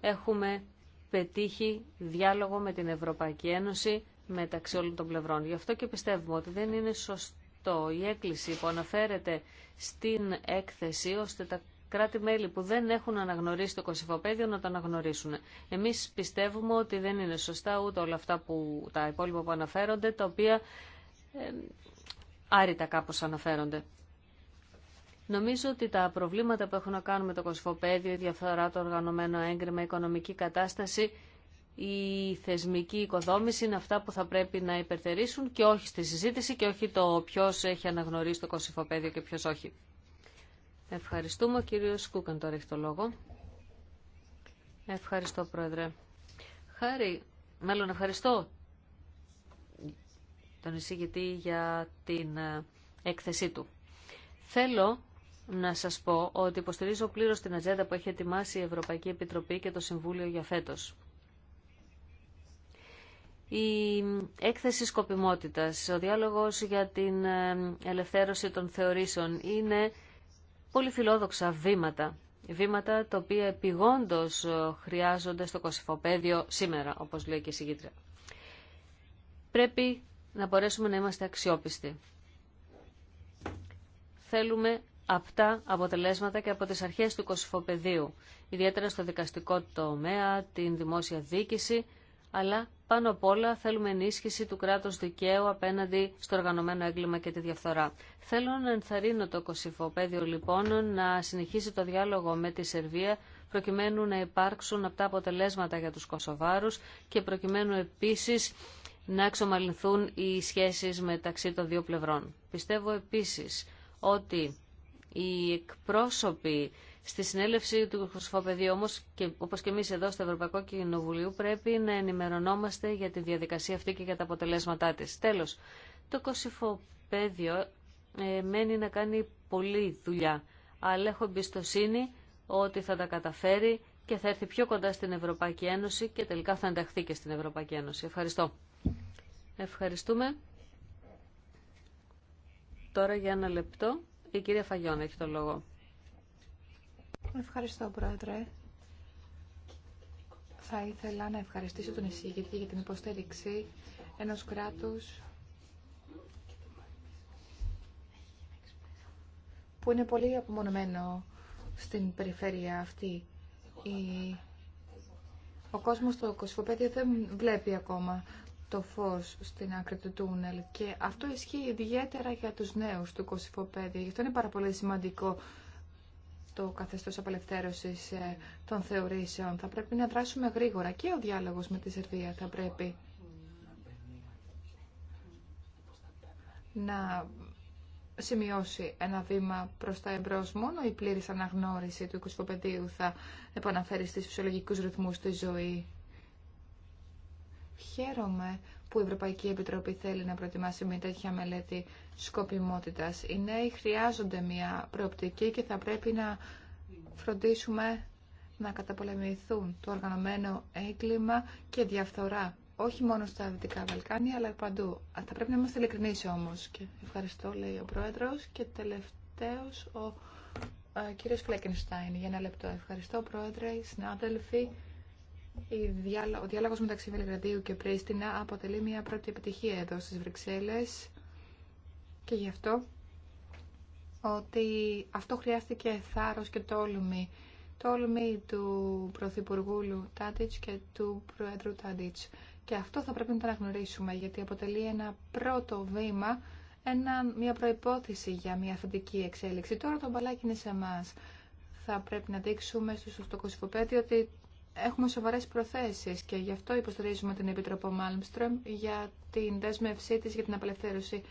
έχουμε πετύχει διάλογο με την Ευρωπαϊκή Ένωση μεταξύ όλων των πλευρών. Γι' αυτό και πιστεύουμε ότι δεν είναι σωστό η έκκληση που αναφέρεται στην έκθεση ώστε τα κράτη-μέλη που δεν έχουν αναγνωρίσει το κοσυφοπαίδιο να το αναγνωρίσουν. Εμείς πιστεύουμε ότι δεν είναι σωστά ούτε όλα αυτά που τα υπόλοιπα που αναφέρονται, τα οποία ε, άρρητα κάπως αναφέρονται. Νομίζω ότι τα προβλήματα που έχουν να κάνουν με το κοσφοπέδιο, η διαφθορά, το οργανωμένο έγκριμα, η οικονομική κατάσταση, η θεσμική οικοδόμηση είναι αυτά που θα πρέπει να υπερτερήσουν και όχι στη συζήτηση και όχι το ποιο έχει αναγνωρίσει το κοσφοπέδιο και ποιο όχι. Ευχαριστούμε. Ο κύριο Κούκαν τώρα έχει το λόγο. Ευχαριστώ, Πρόεδρε. Χάρη, μάλλον ευχαριστώ τον εισηγητή για την ε, έκθεσή του. Θέλω να σας πω ότι υποστηρίζω πλήρως την ατζέντα που έχει ετοιμάσει η Ευρωπαϊκή Επιτροπή και το Συμβούλιο για φέτος. Η έκθεση σκοπιμότητας, ο διάλογος για την ε, ελευθέρωση των θεωρήσεων είναι πολύ φιλόδοξα βήματα. Βήματα τα οποία επιγόντως ε, χρειάζονται στο κοσυφοπαίδιο σήμερα, όπως λέει και η συγκήτρια. Πρέπει να μπορέσουμε να είμαστε αξιόπιστοι. Θέλουμε αυτά αποτελέσματα και από τις αρχές του κοσυφοπεδίου, ιδιαίτερα στο δικαστικό τομέα, την δημόσια δίκηση, αλλά πάνω απ' όλα θέλουμε ενίσχυση του κράτους δικαίου απέναντι στο οργανωμένο έγκλημα και τη διαφθορά. Θέλω να ενθαρρύνω το κοσυφοπεδίο λοιπόν να συνεχίσει το διάλογο με τη Σερβία προκειμένου να υπάρξουν αυτά αποτελέσματα για τους Κωσοβάρους και προκειμένου επίσης να εξομαλυνθούν οι σχέσεις μεταξύ των δύο πλευρών. Πιστεύω επίσης ότι οι εκπρόσωποι στη συνέλευση του Χρυσοφοπεδίου όμως, και, όπως και εμείς εδώ στο Ευρωπαϊκό Κοινοβουλίο, πρέπει να ενημερωνόμαστε για τη διαδικασία αυτή και για τα αποτελέσματά της. Τέλος, το Κωσυφοπέδιο ε, μένει να κάνει πολλή δουλειά, αλλά έχω εμπιστοσύνη ότι θα τα καταφέρει και θα έρθει πιο κοντά στην Ευρωπαϊκή Ένωση και τελικά θα ενταχθεί και στην Ευρωπαϊκή Ένωση. Ευχαριστώ. Ευχαριστούμε. Τώρα για ένα λεπτό η κυρία Φαγιόν έχει το λόγο. Ευχαριστώ, Πρόεδρε. Θα ήθελα να ευχαριστήσω τον εισηγητή για την υποστήριξη ενός κράτους που είναι πολύ απομονωμένο στην περιφέρεια αυτή. Ο κόσμος στο κοσφοπέδιο δεν βλέπει ακόμα το φως στην άκρη του τούνελ και αυτό ισχύει ιδιαίτερα για τους νέους του Κωσυφοπέδη. Γι' αυτό είναι πάρα πολύ σημαντικό το καθεστώς απελευθέρωσης ε, των θεωρήσεων. Θα πρέπει να δράσουμε γρήγορα και ο διάλογος με τη Σερβία θα πρέπει να σημειώσει ένα βήμα προς τα εμπρός. Μόνο η πλήρης αναγνώριση του 25ου θα επαναφέρει στις φυσιολογικούς ρυθμούς της ζωής Χαίρομαι που η Ευρωπαϊκή Επιτροπή θέλει να προετοιμάσει μια τέτοια μελέτη σκοπιμότητας. Οι νέοι χρειάζονται μια προοπτική και θα πρέπει να φροντίσουμε να καταπολεμηθούν το οργανωμένο έγκλημα και διαφθορά. Όχι μόνο στα Δυτικά Βαλκάνια, αλλά παντού. Θα πρέπει να είμαστε ειλικρινεί όμω. Ευχαριστώ, λέει ο Πρόεδρο. Και τελευταίο ο, ο κύριο Φλέκενστάιν. Για ένα λεπτό. Ευχαριστώ, Πρόεδρε, συνάδελφοι ο διάλογο μεταξύ Βελιγραδίου και Πρίστινα αποτελεί μια πρώτη επιτυχία εδώ στι Βρυξέλλε. και γι' αυτό ότι αυτό χρειάστηκε θάρρος και τόλμη. Τόλμη του Πρωθυπουργού Τάντιτς και του Προέδρου Τάντιτς. Και αυτό θα πρέπει να το αναγνωρίσουμε γιατί αποτελεί ένα πρώτο βήμα, ένα, μια προϋπόθεση για μια θετική εξέλιξη. Τώρα το μπαλάκι είναι σε εμά. Θα πρέπει να δείξουμε στου κοσυφοπέδι ότι έχουμε σοβαρές προθέσεις και γι' αυτό υποστηρίζουμε την Επίτροπο Μάλμστρομ για την δέσμευσή της για την απελευθέρωση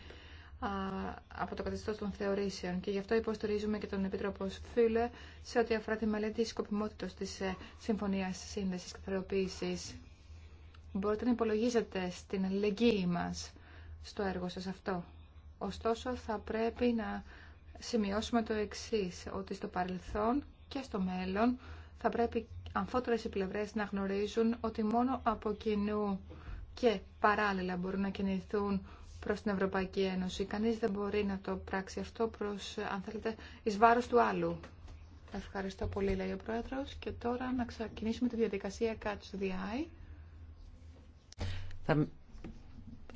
από το καθεστώς των θεωρήσεων και γι' αυτό υποστηρίζουμε και τον Επίτροπο Φίλε σε ό,τι αφορά τη μελέτη σκοπιμότητας της ε, Συμφωνίας Σύνδεσης Θεωροποίηση. Μπορείτε να υπολογίζετε στην αλληλεγγύη μας στο έργο σας αυτό. Ωστόσο, θα πρέπει να σημειώσουμε το εξής, ότι στο παρελθόν και στο μέλλον θα πρέπει αμφότερες οι πλευρές να γνωρίζουν ότι μόνο από κοινού και παράλληλα μπορούν να κινηθούν προς την Ευρωπαϊκή Ένωση. Κανείς δεν μπορεί να το πράξει αυτό προς, αν θέλετε, εις βάρος του άλλου. Ευχαριστώ πολύ, λέει ο Πρόεδρος. Και τώρα να ξεκινήσουμε τη διαδικασία Catch the Eye.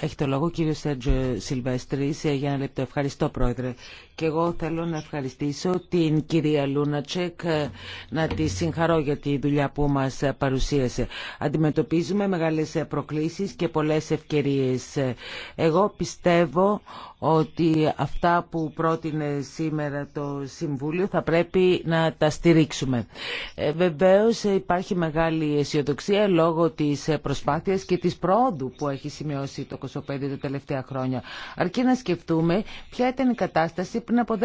Έχει το λόγο κύριο Σέρτζο Σιλβέστρης ε, για ένα λεπτό. Ευχαριστώ πρόεδρε. Και εγώ θέλω να ευχαριστήσω την κυρία Λούνατσεκ ε, να τη συγχαρώ για τη δουλειά που μας παρουσίασε. Αντιμετωπίζουμε μεγάλες προκλήσεις και πολλές ευκαιρίες. Ε, εγώ πιστεύω ότι αυτά που πρότεινε σήμερα το Συμβούλιο θα πρέπει να τα στηρίξουμε. Ε, βεβαίως υπάρχει μεγάλη αισιοδοξία λόγω της προσπάθειας και της πρόοδου που έχει σημειώσει το 25 τα τελευταία χρόνια. Αρκεί να σκεφτούμε ποια ήταν η κατάσταση πριν από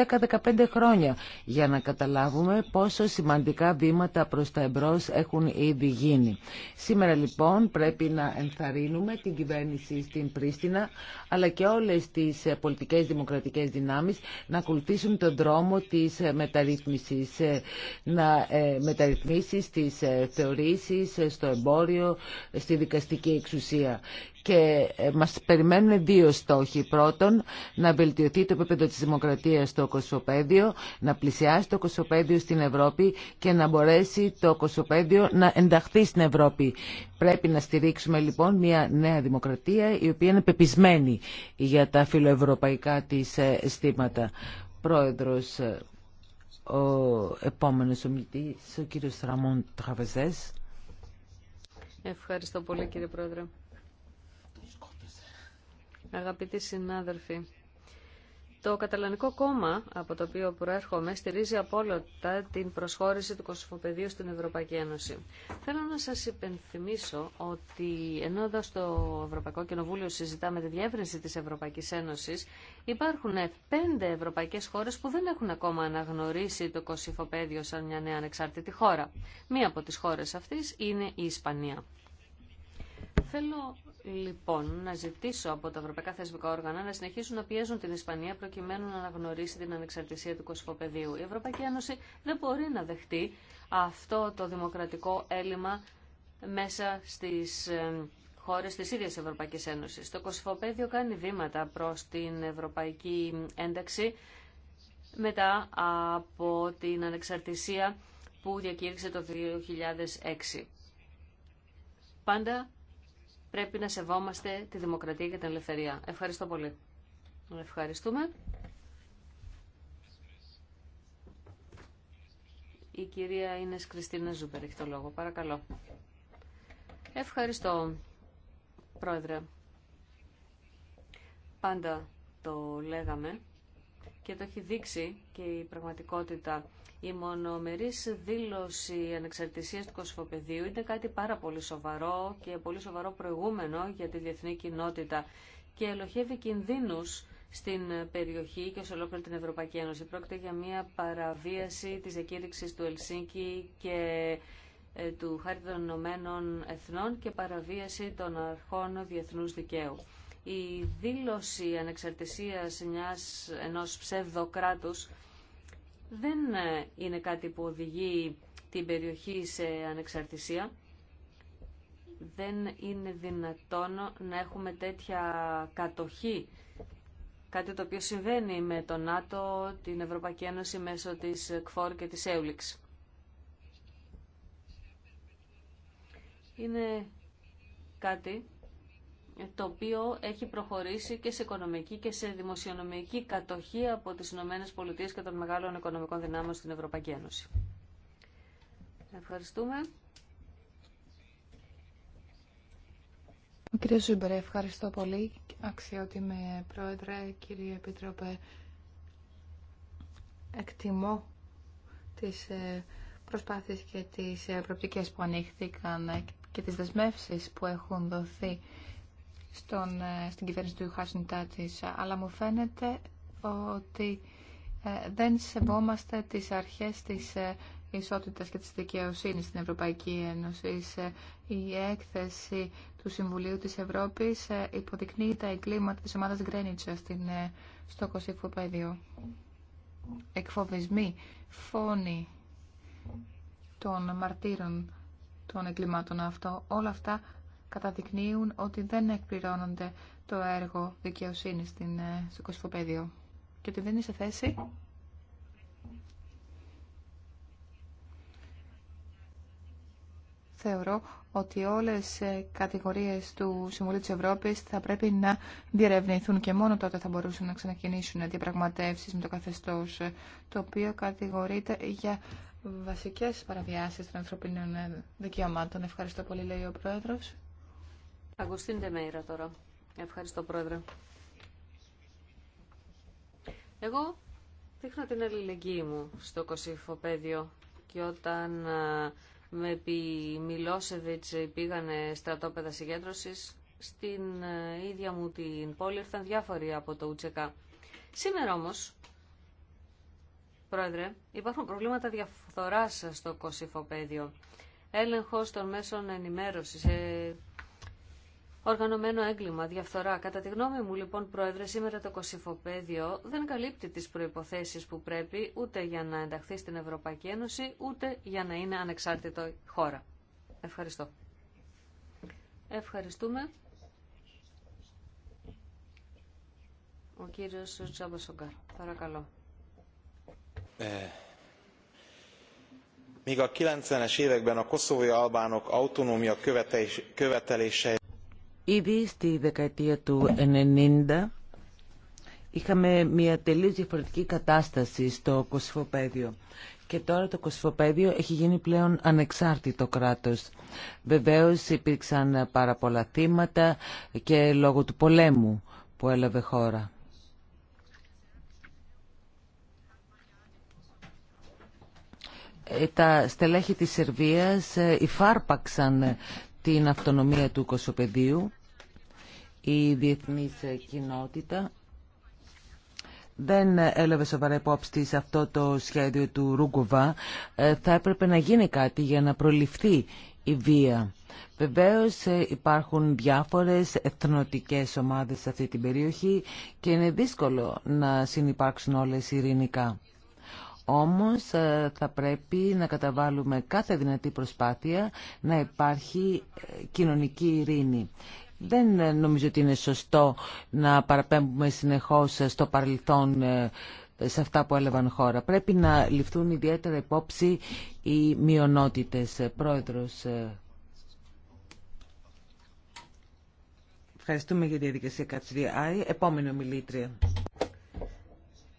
10-15 χρόνια για να καταλάβουμε πόσο σημαντικά βήματα προς τα εμπρός έχουν ήδη γίνει. Σήμερα λοιπόν πρέπει να ενθαρρύνουμε την κυβέρνηση στην Πρίστινα αλλά και όλες τις πολιτικές πολιτικέ δημοκρατικές δυνάμεις να ακολουθήσουν τον δρόμο της ε, μεταρρύθμισης, ε, να ε, μεταρρυθμίσει τι θεωρήσει στο εμπόριο, στη δικαστική εξουσία και ε, μας περιμένουν δύο στόχοι. Πρώτον, να βελτιωθεί το επίπεδο της δημοκρατίας στο Κοσμοπέδιο, να πλησιάσει το Κοσμοπέδιο στην Ευρώπη και να μπορέσει το Κοσμοπέδιο να ενταχθεί στην Ευρώπη. Πρέπει να στηρίξουμε λοιπόν μια νέα δημοκρατία η οποία είναι πεπισμένη για τα φιλοευρωπαϊκά της ε, αισθήματα. Πρόεδρος, ε, ο επόμενος ομιλητής, ο κύριος Ραμόν Τραβεζές. Ευχαριστώ πολύ κύριε Πρόεδρε αγαπητοί συνάδελφοι. Το Καταλανικό Κόμμα, από το οποίο προέρχομαι, στηρίζει απόλυτα την προσχώρηση του Κωσυφοπεδίου στην Ευρωπαϊκή Ένωση. Θέλω να σας υπενθυμίσω ότι ενώ εδώ στο Ευρωπαϊκό Κοινοβούλιο συζητάμε τη διεύρυνση της Ευρωπαϊκής Ένωσης, υπάρχουν πέντε ευρωπαϊκές χώρες που δεν έχουν ακόμα αναγνωρίσει το Κωσυφοπέδιο σαν μια νέα ανεξάρτητη χώρα. Μία από τις χώρες αυτής είναι η Ισπανία. Θέλω λοιπόν να ζητήσω από τα ευρωπαϊκά θεσμικά όργανα να συνεχίσουν να πιέζουν την Ισπανία προκειμένου να αναγνωρίσει την ανεξαρτησία του κοσφοπεδίου Η Ευρωπαϊκή Ένωση δεν μπορεί να δεχτεί αυτό το δημοκρατικό έλλειμμα μέσα στις ε, χώρες της ίδιας Ευρωπαϊκής Ένωσης. Το κοσφοπέδιο κάνει βήματα προς την ευρωπαϊκή ένταξη μετά από την ανεξαρτησία που διακήρυξε το 2006. Πάντα πρέπει να σεβόμαστε τη δημοκρατία και την ελευθερία. Ευχαριστώ πολύ. Ευχαριστούμε. Η κυρία Ίνες Κριστίνα Ζούπερ έχει το λόγο. Παρακαλώ. Ευχαριστώ, Πρόεδρε. Πάντα το λέγαμε και το έχει δείξει και η πραγματικότητα η μονομερής δήλωση ανεξαρτησίας του κοσμοπεδίου είναι κάτι πάρα πολύ σοβαρό και πολύ σοβαρό προηγούμενο για τη διεθνή κοινότητα και ελοχεύει κινδύνους στην περιοχή και σε ολόκληρη την Ευρωπαϊκή Ένωση. Πρόκειται για μια παραβίαση της διακήρυξης του Ελσίνκη και ε, του Χάρτη των Ηνωμένων Εθνών και παραβίαση των αρχών διεθνούς δικαίου. Η δήλωση ανεξαρτησίας ενό ενός ψευδοκράτους δεν ε, είναι κάτι που οδηγεί την περιοχή σε ανεξαρτησία. Δεν είναι δυνατόν να έχουμε τέτοια κατοχή. Κάτι το οποίο συμβαίνει με το ΝΑΤΟ, την Ευρωπαϊκή Ένωση μέσω της ΚΦΟΡ και της ΕΟΛΙΚΣ. Είναι κάτι το οποίο έχει προχωρήσει και σε οικονομική και σε δημοσιονομική κατοχή από τις Ηνωμένες Πολιτείες και των μεγάλων οικονομικών δυνάμεων στην Ευρωπαϊκή Ένωση. Ευχαριστούμε. Κύριε Ζούμπερ, ευχαριστώ πολύ. Αξιότιμε Πρόεδρε, κύριε Επίτροπε, εκτιμώ τις ε, προσπάθειες και τις ε, προοπτικές που ανοίχθηκαν ε, και τις δεσμεύσεις που έχουν δοθεί στον, ε, στην κυβέρνηση του Χάσιν της, αλλά μου φαίνεται ότι ε, δεν σεβόμαστε τις αρχές της ε, ισότητας και της δικαιοσύνης στην Ευρωπαϊκή Ένωση. Η έκθεση του Συμβουλίου της Ευρώπης υποδεικνύει τα εγκλήματα της ομάδας Γκρένιτσα στο Κωσίφο Παϊδίο. Εκφοβισμοί, φόνοι των μαρτύρων των εγκλημάτων αυτό, όλα αυτά καταδεικνύουν ότι δεν εκπληρώνονται το έργο δικαιοσύνη στην, ε, στο κοσφοπέδιο και ότι δεν είσαι σε θέση θεωρώ ότι όλες οι ε, κατηγορίες του Συμβουλίου της Ευρώπης θα πρέπει να διερευνηθούν και μόνο τότε θα μπορούσαν να ξανακινήσουν διαπραγματεύσεις με το καθεστώς ε, το οποίο κατηγορείται για βασικές παραβιάσεις των ανθρωπίνων δικαιωμάτων. Ευχαριστώ πολύ, λέει ο Πρόεδρος. Αγκουστίν Τεμέιρα τώρα. Ευχαριστώ, Πρόεδρε. Εγώ δείχνω την αλληλεγγύη μου στο κοσυφοπέδιο και όταν με επί Μιλόσεβιτς πήγανε στρατόπεδα συγκέντρωσης, στην ίδια μου την πόλη ήρθαν διάφοροι από το Ουτσεκά. Σήμερα όμως, Πρόεδρε, υπάρχουν προβλήματα διαφθοράς στο κοσυφοπέδιο. Έλεγχος των μέσων ενημέρωσης, ε, οργανωμένο έγκλημα, διαφθορά. Κατά τη γνώμη μου, λοιπόν, Πρόεδρε, σήμερα το κοσυφοπαίδιο δεν καλύπτει τις προϋποθέσεις που πρέπει ούτε για να ενταχθεί στην Ευρωπαϊκή Ένωση, ούτε για να είναι ανεξάρτητο χώρα. Ευχαριστώ. Ευχαριστούμε. Ο κύριος Τζαμπασογκάρ, Παρακαλώ. Ε... Míg a 90-es években a koszovói albánok autonómia Ήδη στη δεκαετία του 90 είχαμε μια τελείως διαφορετική κατάσταση στο Κωσφοπαίδιο Και τώρα το Κωσφοπαίδιο έχει γίνει πλέον ανεξάρτητο κράτος. Βεβαίως υπήρξαν πάρα πολλά θύματα και λόγω του πολέμου που έλαβε χώρα. Ε, τα στελέχη της Σερβίας ε, υφάρπαξαν την αυτονομία του Κωσοπεδίου η διεθνής κοινότητα δεν έλαβε σοβαρά υπόψη σε αυτό το σχέδιο του Ρούγκοβα. Ε, θα έπρεπε να γίνει κάτι για να προληφθεί η βία. Βεβαίως ε, υπάρχουν διάφορες εθνοτικές ομάδες σε αυτή την περιοχή και είναι δύσκολο να συνεπάρξουν όλες ειρηνικά. Όμως ε, θα πρέπει να καταβάλουμε κάθε δυνατή προσπάθεια να υπάρχει κοινωνική ειρήνη. Δεν ε, νομίζω ότι είναι σωστό να παραπέμπουμε συνεχώς ε, στο παρελθόν ε, σε αυτά που έλεγαν χώρα. Πρέπει να ληφθούν ιδιαίτερα υπόψη οι μειονότητες. Πρόεδρος, Ευχαριστούμε για τη διαδικασία Κατσουδιάη. Επόμενη ομιλήτρια.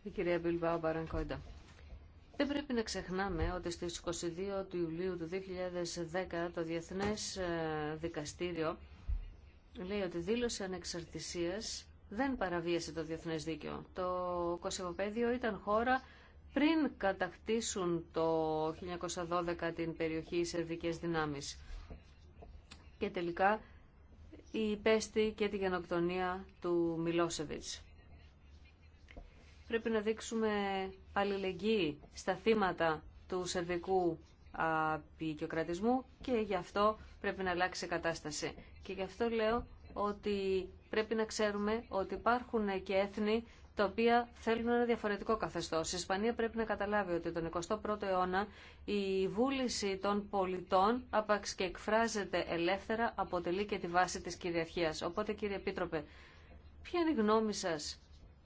Η κυρία Μπιλμπάου Μπαρανκόντα. Δεν πρέπει να ξεχνάμε ότι στις 22 του Ιουλίου του 2010 το Διεθνές Δικαστήριο λέει ότι δήλωση ανεξαρτησίας δεν παραβίασε το διεθνές δίκαιο. Το Κωσεβοπέδιο ήταν χώρα πριν κατακτήσουν το 1912 την περιοχή οι σερβικές δυνάμεις. Και τελικά η υπέστη και τη γενοκτονία του Μιλόσεβιτς. Πρέπει να δείξουμε αλληλεγγύη στα θύματα του σερβικού απεικιοκρατισμού και γι' αυτό πρέπει να αλλάξει η κατάσταση. Και γι' αυτό λέω ότι πρέπει να ξέρουμε ότι υπάρχουν και έθνη τα οποία θέλουν ένα διαφορετικό καθεστώς. Η Ισπανία πρέπει να καταλάβει ότι τον 21ο αιώνα η βούληση των πολιτών, άπαξ και εκφράζεται ελεύθερα, αποτελεί και τη βάση της κυριαρχίας. Οπότε κύριε Επίτροπε, ποια είναι η γνώμη σα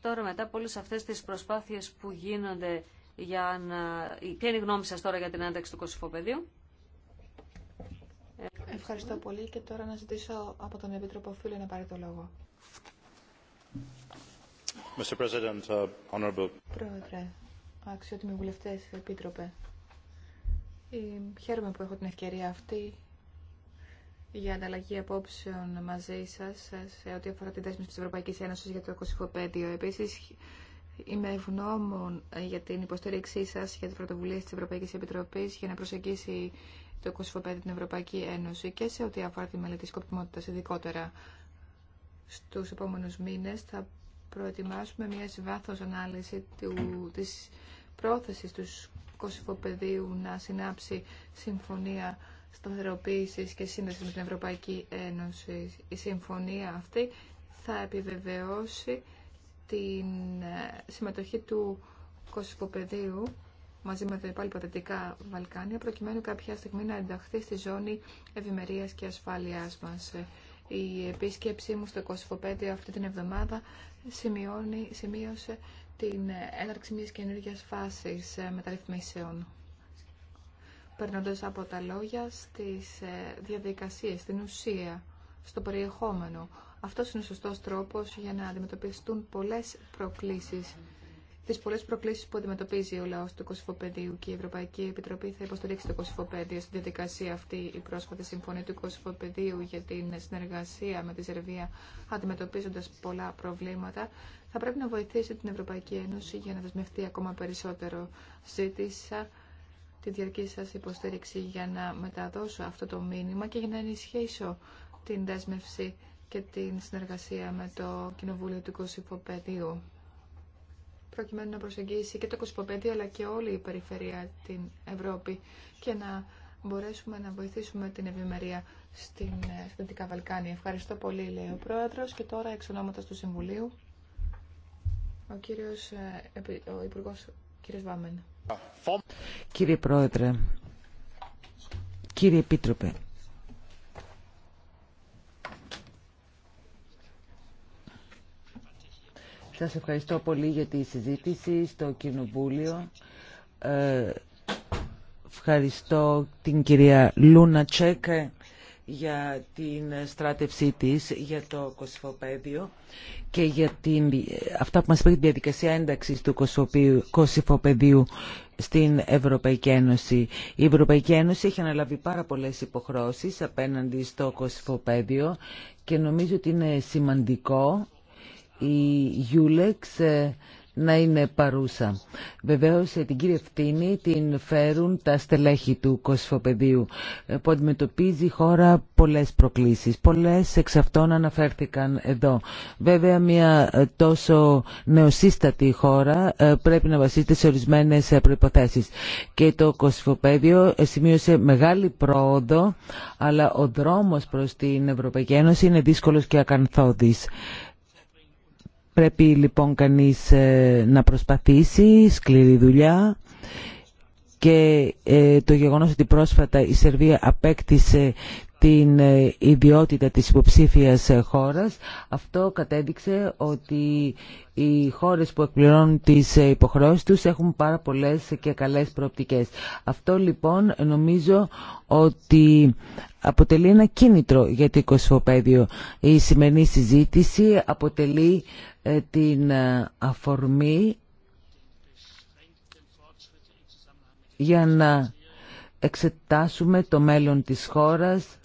τώρα μετά από όλες αυτές τις προσπάθειες που γίνονται για να... Ποια είναι η γνώμη σα τώρα για την ένταξη του Κωσυφοπεδίου. Ευχαριστώ πολύ και τώρα να ζητήσω από τον Επίτροπο Φίλε να πάρει το λόγο. Mr. President, uh, honorable. Πρόεδρε, αξιότιμοι βουλευτές, Επίτροπε, ε, χαίρομαι που έχω την ευκαιρία αυτή για ανταλλαγή απόψεων μαζί σας σε ό,τι αφορά την δέσμευση της Ευρωπαϊκής Ένωσης για το κοσυφοπαίδιο. Επίσης, Είμαι ευγνώμων για την υποστήριξή σα για τι πρωτοβουλίε τη Ευρωπαϊκή Επιτροπή για να προσεγγίσει το 25 την Ευρωπαϊκή Ένωση και σε ό,τι αφορά τη μελέτη σκοπιμότητα, ειδικότερα. στου επόμενου μήνε. θα προετοιμάσουμε μια συμβάθο ανάλυση τη της του Κωσυφοπεδίου να συνάψει συμφωνία σταθεροποίηση και σύνδεση με την Ευρωπαϊκή Ένωση. Η συμφωνία αυτή θα επιβεβαιώσει την συμμετοχή του Κωσυφοπεδίου μαζί με τα υπόλοιπα Δυτικά Βαλκάνια, προκειμένου κάποια στιγμή να ενταχθεί στη ζώνη ευημερία και ασφάλειά μα. Η επίσκεψή μου στο Κωσυφοπέδιο αυτή την εβδομάδα σημειώνει, σημείωσε την έναρξη μιας καινούργιας φάσης μεταρρυθμίσεων. Περνώντας από τα λόγια στις ε, διαδικασίες, στην ουσία, στο περιεχόμενο. Αυτό είναι ο σωστός τρόπος για να αντιμετωπιστούν πολλές προκλήσεις τι πολλέ προκλήσει που αντιμετωπίζει ο λαό του Κωσυφοπεδίου και η Ευρωπαϊκή Επιτροπή θα υποστηρίξει το Κωσυφοπεδίο στην διαδικασία αυτή. Η πρόσφατη συμφωνία του Κωσυφοπεδίου για την συνεργασία με τη Σερβία αντιμετωπίζοντα πολλά προβλήματα θα πρέπει να βοηθήσει την Ευρωπαϊκή Ένωση για να δεσμευτεί ακόμα περισσότερο. Ζήτησα τη διαρκή σα υποστήριξη για να μεταδώσω αυτό το μήνυμα και για να ενισχύσω την δέσμευση και την συνεργασία με το Κοινοβούλιο του Κωσυφοπεδίου προκειμένου να προσεγγίσει και το Κοσμοπέδιο αλλά και όλη η περιφερεια την Ευρώπη και να μπορέσουμε να βοηθήσουμε την ευημερία στην, ε, Δυτικά Βαλκάνια. Ευχαριστώ πολύ, λέει ο Πρόεδρος. Και τώρα, εξ ονόματος του Συμβουλίου, ο κύριος, ε, ο Υπουργός, κύριος Βάμεν. Κύριε Πρόεδρε, κύριε Επίτροπε, Σας ευχαριστώ πολύ για τη συζήτηση στο Κοινοβούλιο. Ε, ευχαριστώ την κυρία Λούνα Τσέκ για την στράτευσή της για το κοσυφοπαίδιο και για την, αυτά που μας είπε διαδικασία ένταξης του κοσυφοπαιδίου στην Ευρωπαϊκή Ένωση. Η Ευρωπαϊκή Ένωση έχει αναλάβει πάρα πολλές υποχρώσεις απέναντι στο κοσυφοπαίδιο και νομίζω ότι είναι σημαντικό η Γιούλεξ ε, να είναι παρούσα. Βεβαίως ε, την κύρια Φτίνη την φέρουν τα στελέχη του Κοσφοπεδίου ε, που αντιμετωπίζει η χώρα πολλές προκλήσεις. Πολλές εξ αυτών αναφέρθηκαν εδώ. Βέβαια μια τόσο νεοσύστατη χώρα πρέπει να βασίζεται σε ορισμένες προϋποθέσεις. Και το Κοσφοπέδιο σημείωσε μεγάλη πρόοδο αλλά ο δρόμος προς την Ευρωπαϊκή Ένωση είναι δύσκολος και ακανθώδης. Πρέπει λοιπόν κανείς ε, να προσπαθήσει, σκληρή δουλειά και ε, το γεγονός ότι πρόσφατα η Σερβία απέκτησε την ε, ιδιότητα της υποψήφιας ε, χώρας. Αυτό κατέδειξε ότι οι χώρες που εκπληρώνουν τις ε, υποχρεώσεις τους έχουν πάρα πολλές και καλές προοπτικές. Αυτό λοιπόν νομίζω ότι αποτελεί ένα κίνητρο για το οικοσφοπέδιο. Η σημερινή συζήτηση αποτελεί την αφορμή για να εξετάσουμε το μέλλον της χώρας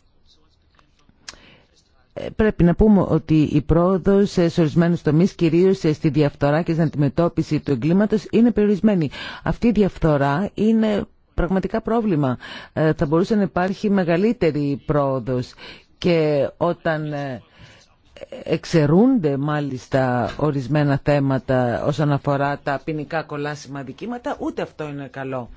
ε, πρέπει να πούμε ότι η πρόοδο ε, σε ορισμένου τομεί, κυρίω ε, στη διαφθορά και στην αντιμετώπιση του εγκλήματο, είναι περιορισμένη. Αυτή η διαφθορά είναι πραγματικά πρόβλημα. Θα μπορούσε να υπάρχει μεγαλύτερη πρόοδο. Και όταν εξαιρούνται μάλιστα ορισμένα θέματα όσον αφορά τα ποινικά κολάσιμα δικήματα, ούτε αυτό είναι καλό.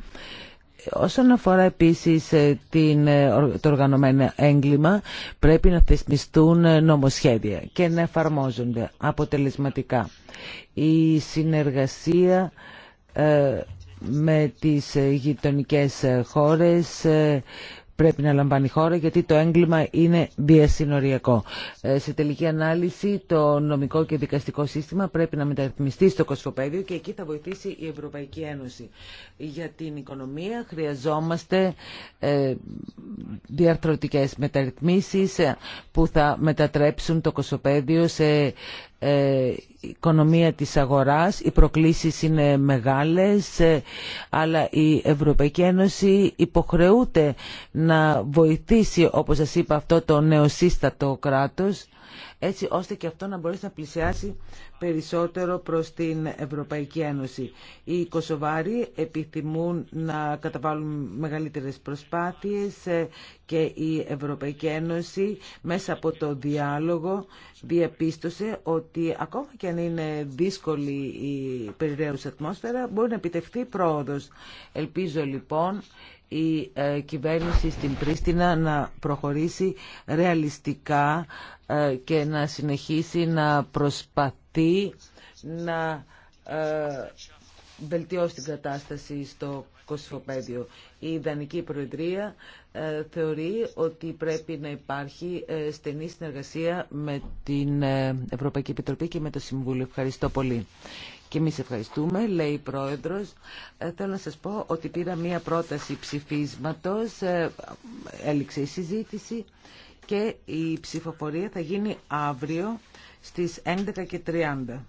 Όσον αφορά επίσης ε, την, ε, το οργανωμένο έγκλημα, πρέπει να θεσμιστούν ε, νομοσχέδια και να εφαρμόζονται αποτελεσματικά. Η συνεργασία με τις γειτονικές χώρες πρέπει να λαμβάνει χώρα γιατί το έγκλημα είναι διασυνοριακό. Ε, σε τελική ανάλυση το νομικό και δικαστικό σύστημα πρέπει να μεταρρυθμιστεί στο κοσμοπέδιο και εκεί θα βοηθήσει η Ευρωπαϊκή Ένωση. Για την οικονομία χρειαζόμαστε ε, διαρθρωτικές μεταρρυθμίσεις ε, που θα μετατρέψουν το κοσμοπέδιο σε ε, οικονομία της αγοράς, οι προκλήσεις είναι μεγάλες, ε, αλλά η Ευρωπαϊκή Ένωση υποχρεούται να βοηθήσει, όπως σας είπα, αυτό το νεοσύστατο κράτος έτσι ώστε και αυτό να μπορέσει να πλησιάσει περισσότερο προς την Ευρωπαϊκή Ένωση. Οι Κωσοβάροι επιθυμούν να καταβάλουν μεγαλύτερες προσπάθειες ε, και η Ευρωπαϊκή Ένωση μέσα από το διάλογο διαπίστωσε ότι ακόμα και αν είναι δύσκολη η περιραίους ατμόσφαιρα μπορεί να επιτευχθεί πρόοδος. Ελπίζω λοιπόν η ε, κυβέρνηση στην Πρίστινα να προχωρήσει ρεαλιστικά ε, και να συνεχίσει να προσπαθεί να ε, βελτιώσει την κατάσταση στο Κοσμοπέδιο. Η Ιδανική Προεδρία θεωρεί ότι πρέπει να υπάρχει στενή συνεργασία με την Ευρωπαϊκή Επιτροπή και με το Συμβούλιο. Ευχαριστώ πολύ. Και εμείς ευχαριστούμε, λέει η Πρόεδρος. Ε, θέλω να σας πω ότι πήρα μία πρόταση ψηφίσματος, ε, έληξε η συζήτηση και η ψηφοφορία θα γίνει αύριο στις 11.30.